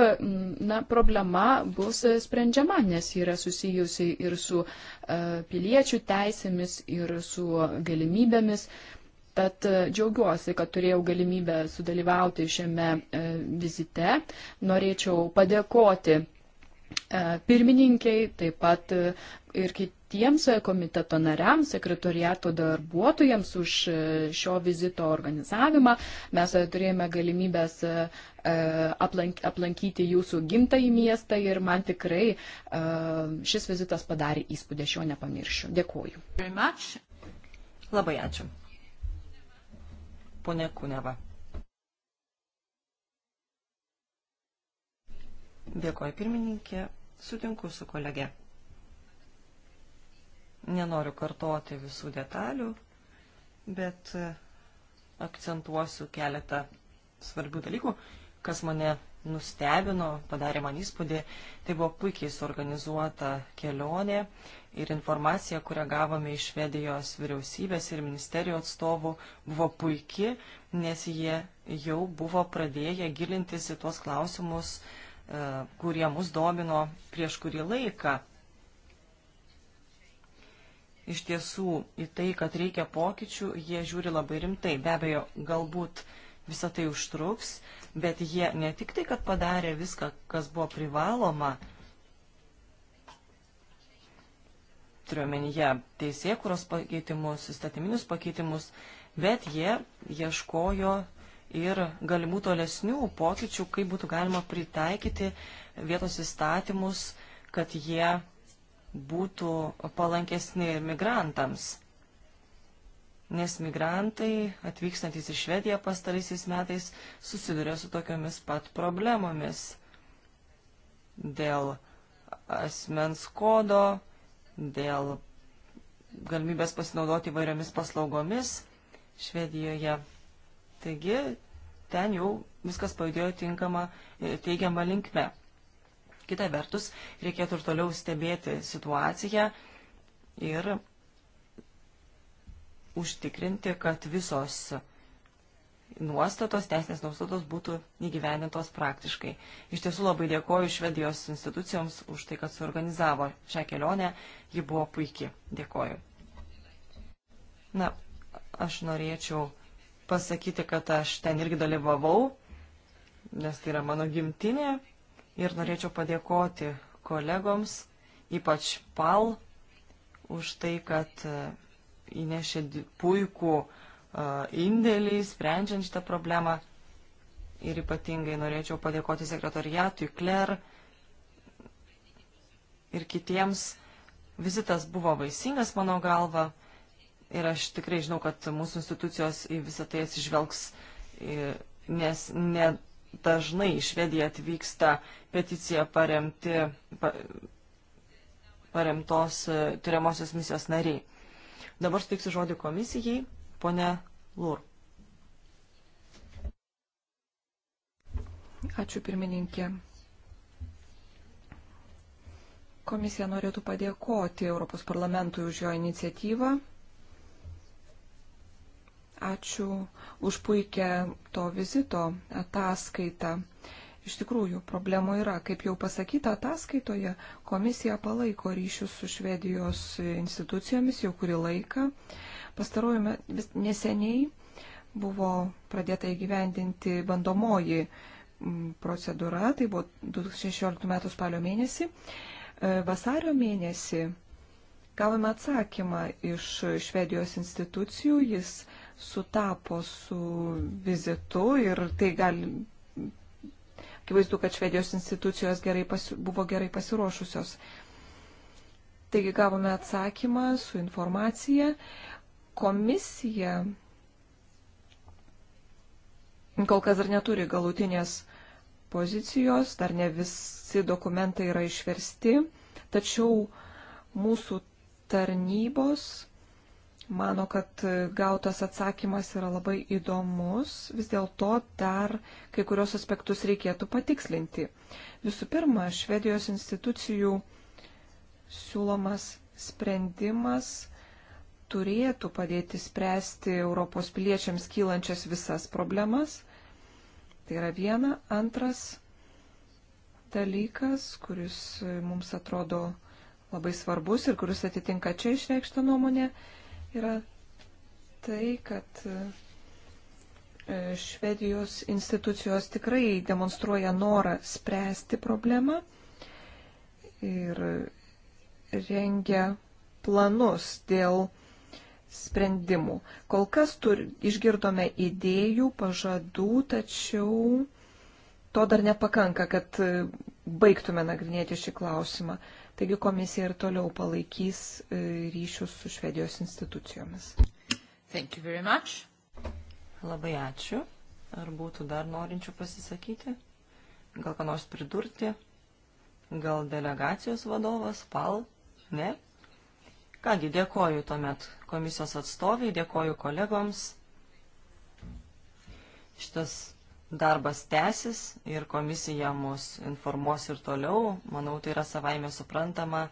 na, problema bus sprendžiama, nes yra susijusi ir su e, piliečių teisėmis, ir su galimybėmis. Tad e, džiaugiuosi, kad turėjau galimybę sudalyvauti šiame e, vizite. Norėčiau padėkoti E, pirmininkiai, taip pat e, ir kitiems komiteto nariams, sekretoriato darbuotojams už e, šio vizito organizavimą. Mes turėjome galimybės aplankyti jūsų gimtąjį miestą ir man tikrai šis vizitas padarė įspūdį, aš jo nepamiršiu. Dėkuoju. Labai ačiū. Pone Kuneva. Dėkoju pirmininkė, sutinku su kolege. Nenoriu kartoti visų detalių, bet e, akcentuosiu keletą svarbių dalykų, kas mane nustebino, padarė man įspūdį. Tai buvo puikiai suorganizuota kelionė ir informacija, kurią gavome iš Švedijos vyriausybės ir ministerijų atstovų, buvo puiki, nes jie jau buvo pradėję gilintis į tuos klausimus, uh, E, kurie mus domino prieš kurį laiką. Iš tiesų, į tai, kad reikia pokyčių, jie žiūri labai rimtai. Be abejo, galbūt visą tai užtruks, bet jie ne tik tai, kad padarė viską, kas buvo privaloma, turiuomenyje teisėkuros pakeitimus, įstatyminius pakeitimus, bet jie ieškojo ir galimų tolesnių pokyčių, kaip būtų galima pritaikyti vietos įstatymus, kad jie būtų palankesni migrantams. Nes migrantai, atvykstantis į Švediją pastaraisiais metais, susiduria su tokiomis pat problemomis dėl asmens kodo, dėl galimybės pasinaudoti vairiomis paslaugomis Švedijoje. Taigi ten jau viskas pajudėjo tinkama e, teigiama linkme. Kita vertus, reikėtų ir toliau stebėti situaciją ir užtikrinti, kad visos nuostatos, teisinės nuostatos būtų įgyvenintos praktiškai. Iš tiesų labai dėkoju Švedijos institucijoms už tai, kad suorganizavo šią kelionę. Ji buvo puikiai. Dėkoju. Na, aš norėčiau pasakyti, kad aš ten irgi dalyvavau, nes tai yra mano gimtinė. Ir norėčiau padėkoti kolegoms, ypač PAL, už tai, kad e, įnešė puikų e, indėlį, sprendžiant šitą problemą. Ir ypatingai norėčiau padėkoti sekretariatui, Kler ir kitiems. Vizitas buvo vaisingas, mano galva. Ir aš tikrai žinau, kad mūsų institucijos į visą tai atsižvelgs, nes nedažnai į Švediją atvyksta peticija paremti, pa, paremtos e, tyriamosios misijos nariai. Dabar suteiksiu žodį komisijai, ponė Lur. Ačiū pirmininkė. Komisija norėtų padėkoti Europos parlamentui už jo iniciatyvą Ačiū už puikią to vizito ataskaitą. Iš tikrųjų, problemų yra. Kaip jau pasakyta ataskaitoje, komisija palaiko ryšius su Švedijos institucijomis jau kurį laiką. Pastarojame vis neseniai buvo pradėta įgyvendinti bandomoji procedūra, tai buvo 2016 m. spalio mėnesį. E, vasario mėnesį gavome atsakymą iš Švedijos institucijų, jis sutapo su vizitu ir tai gali. Akivaizdu, kad švedijos institucijos gerai pasi, buvo gerai pasiruošusios. Taigi gavome atsakymą su informacija. Komisija kol kas dar neturi galutinės pozicijos, dar ne visi dokumentai yra išversti, tačiau mūsų tarnybos mano, kad gautas atsakymas yra labai įdomus, vis dėlto dar kai kurios aspektus reikėtų patikslinti. Visų pirma, Švedijos institucijų siūlomas sprendimas turėtų padėti spręsti Europos piliečiams kylančias visas problemas. Tai yra viena. Antras dalykas, kuris mums atrodo labai svarbus ir kuris atitinka čia išreikštą nuomonę, yra tai, kad e, Švedijos institucijos tikrai demonstruoja norą spręsti problemą ir rengia planus dėl sprendimų. Kol kas tur, išgirdome idėjų, pažadų, tačiau to dar nepakanka, kad e, baigtume nagrinėti šį klausimą. Taigi komisija ir toliau palaikys e, ryšius su Švedijos institucijomis. Labai ačiū. Ar būtų dar norinčių pasisakyti? Gal ką nors pridurti? Gal delegacijos vadovas, PAL? Ne? Kągi, dėkoju tuomet komisijos atstoviai, dėkoju kolegoms. Šitas darbas tęsis ir komisija mus informuos ir toliau. Manau, tai yra savaime suprantama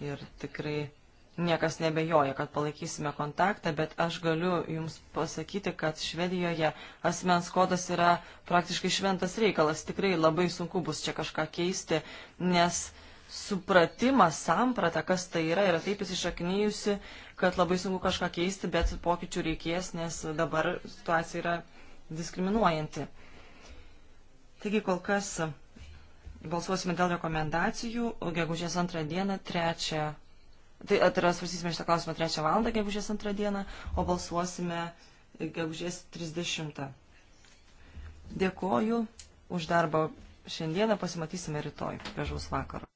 ir tikrai niekas nebejoja, kad palaikysime kontaktą, bet aš galiu Jums pasakyti, kad Švedijoje asmens kodas yra praktiškai šventas reikalas. Tikrai labai sunku bus čia kažką keisti, nes supratimas, samprata, kas tai yra, yra taip įsišaknyjusi, kad labai sunku kažką keisti, bet pokyčių reikės, nes dabar situacija yra diskriminuojanti. Taigi kol kas balsuosime dėl rekomendacijų, o gegužės antrą dieną, trečią, tai, tai yra svarstysime šitą klausimą trečią valandą gegužės antrą dieną, o balsuosime gegužės 30. Dėkoju už darbą šiandieną, pasimatysime rytoj. Gražaus vakaro.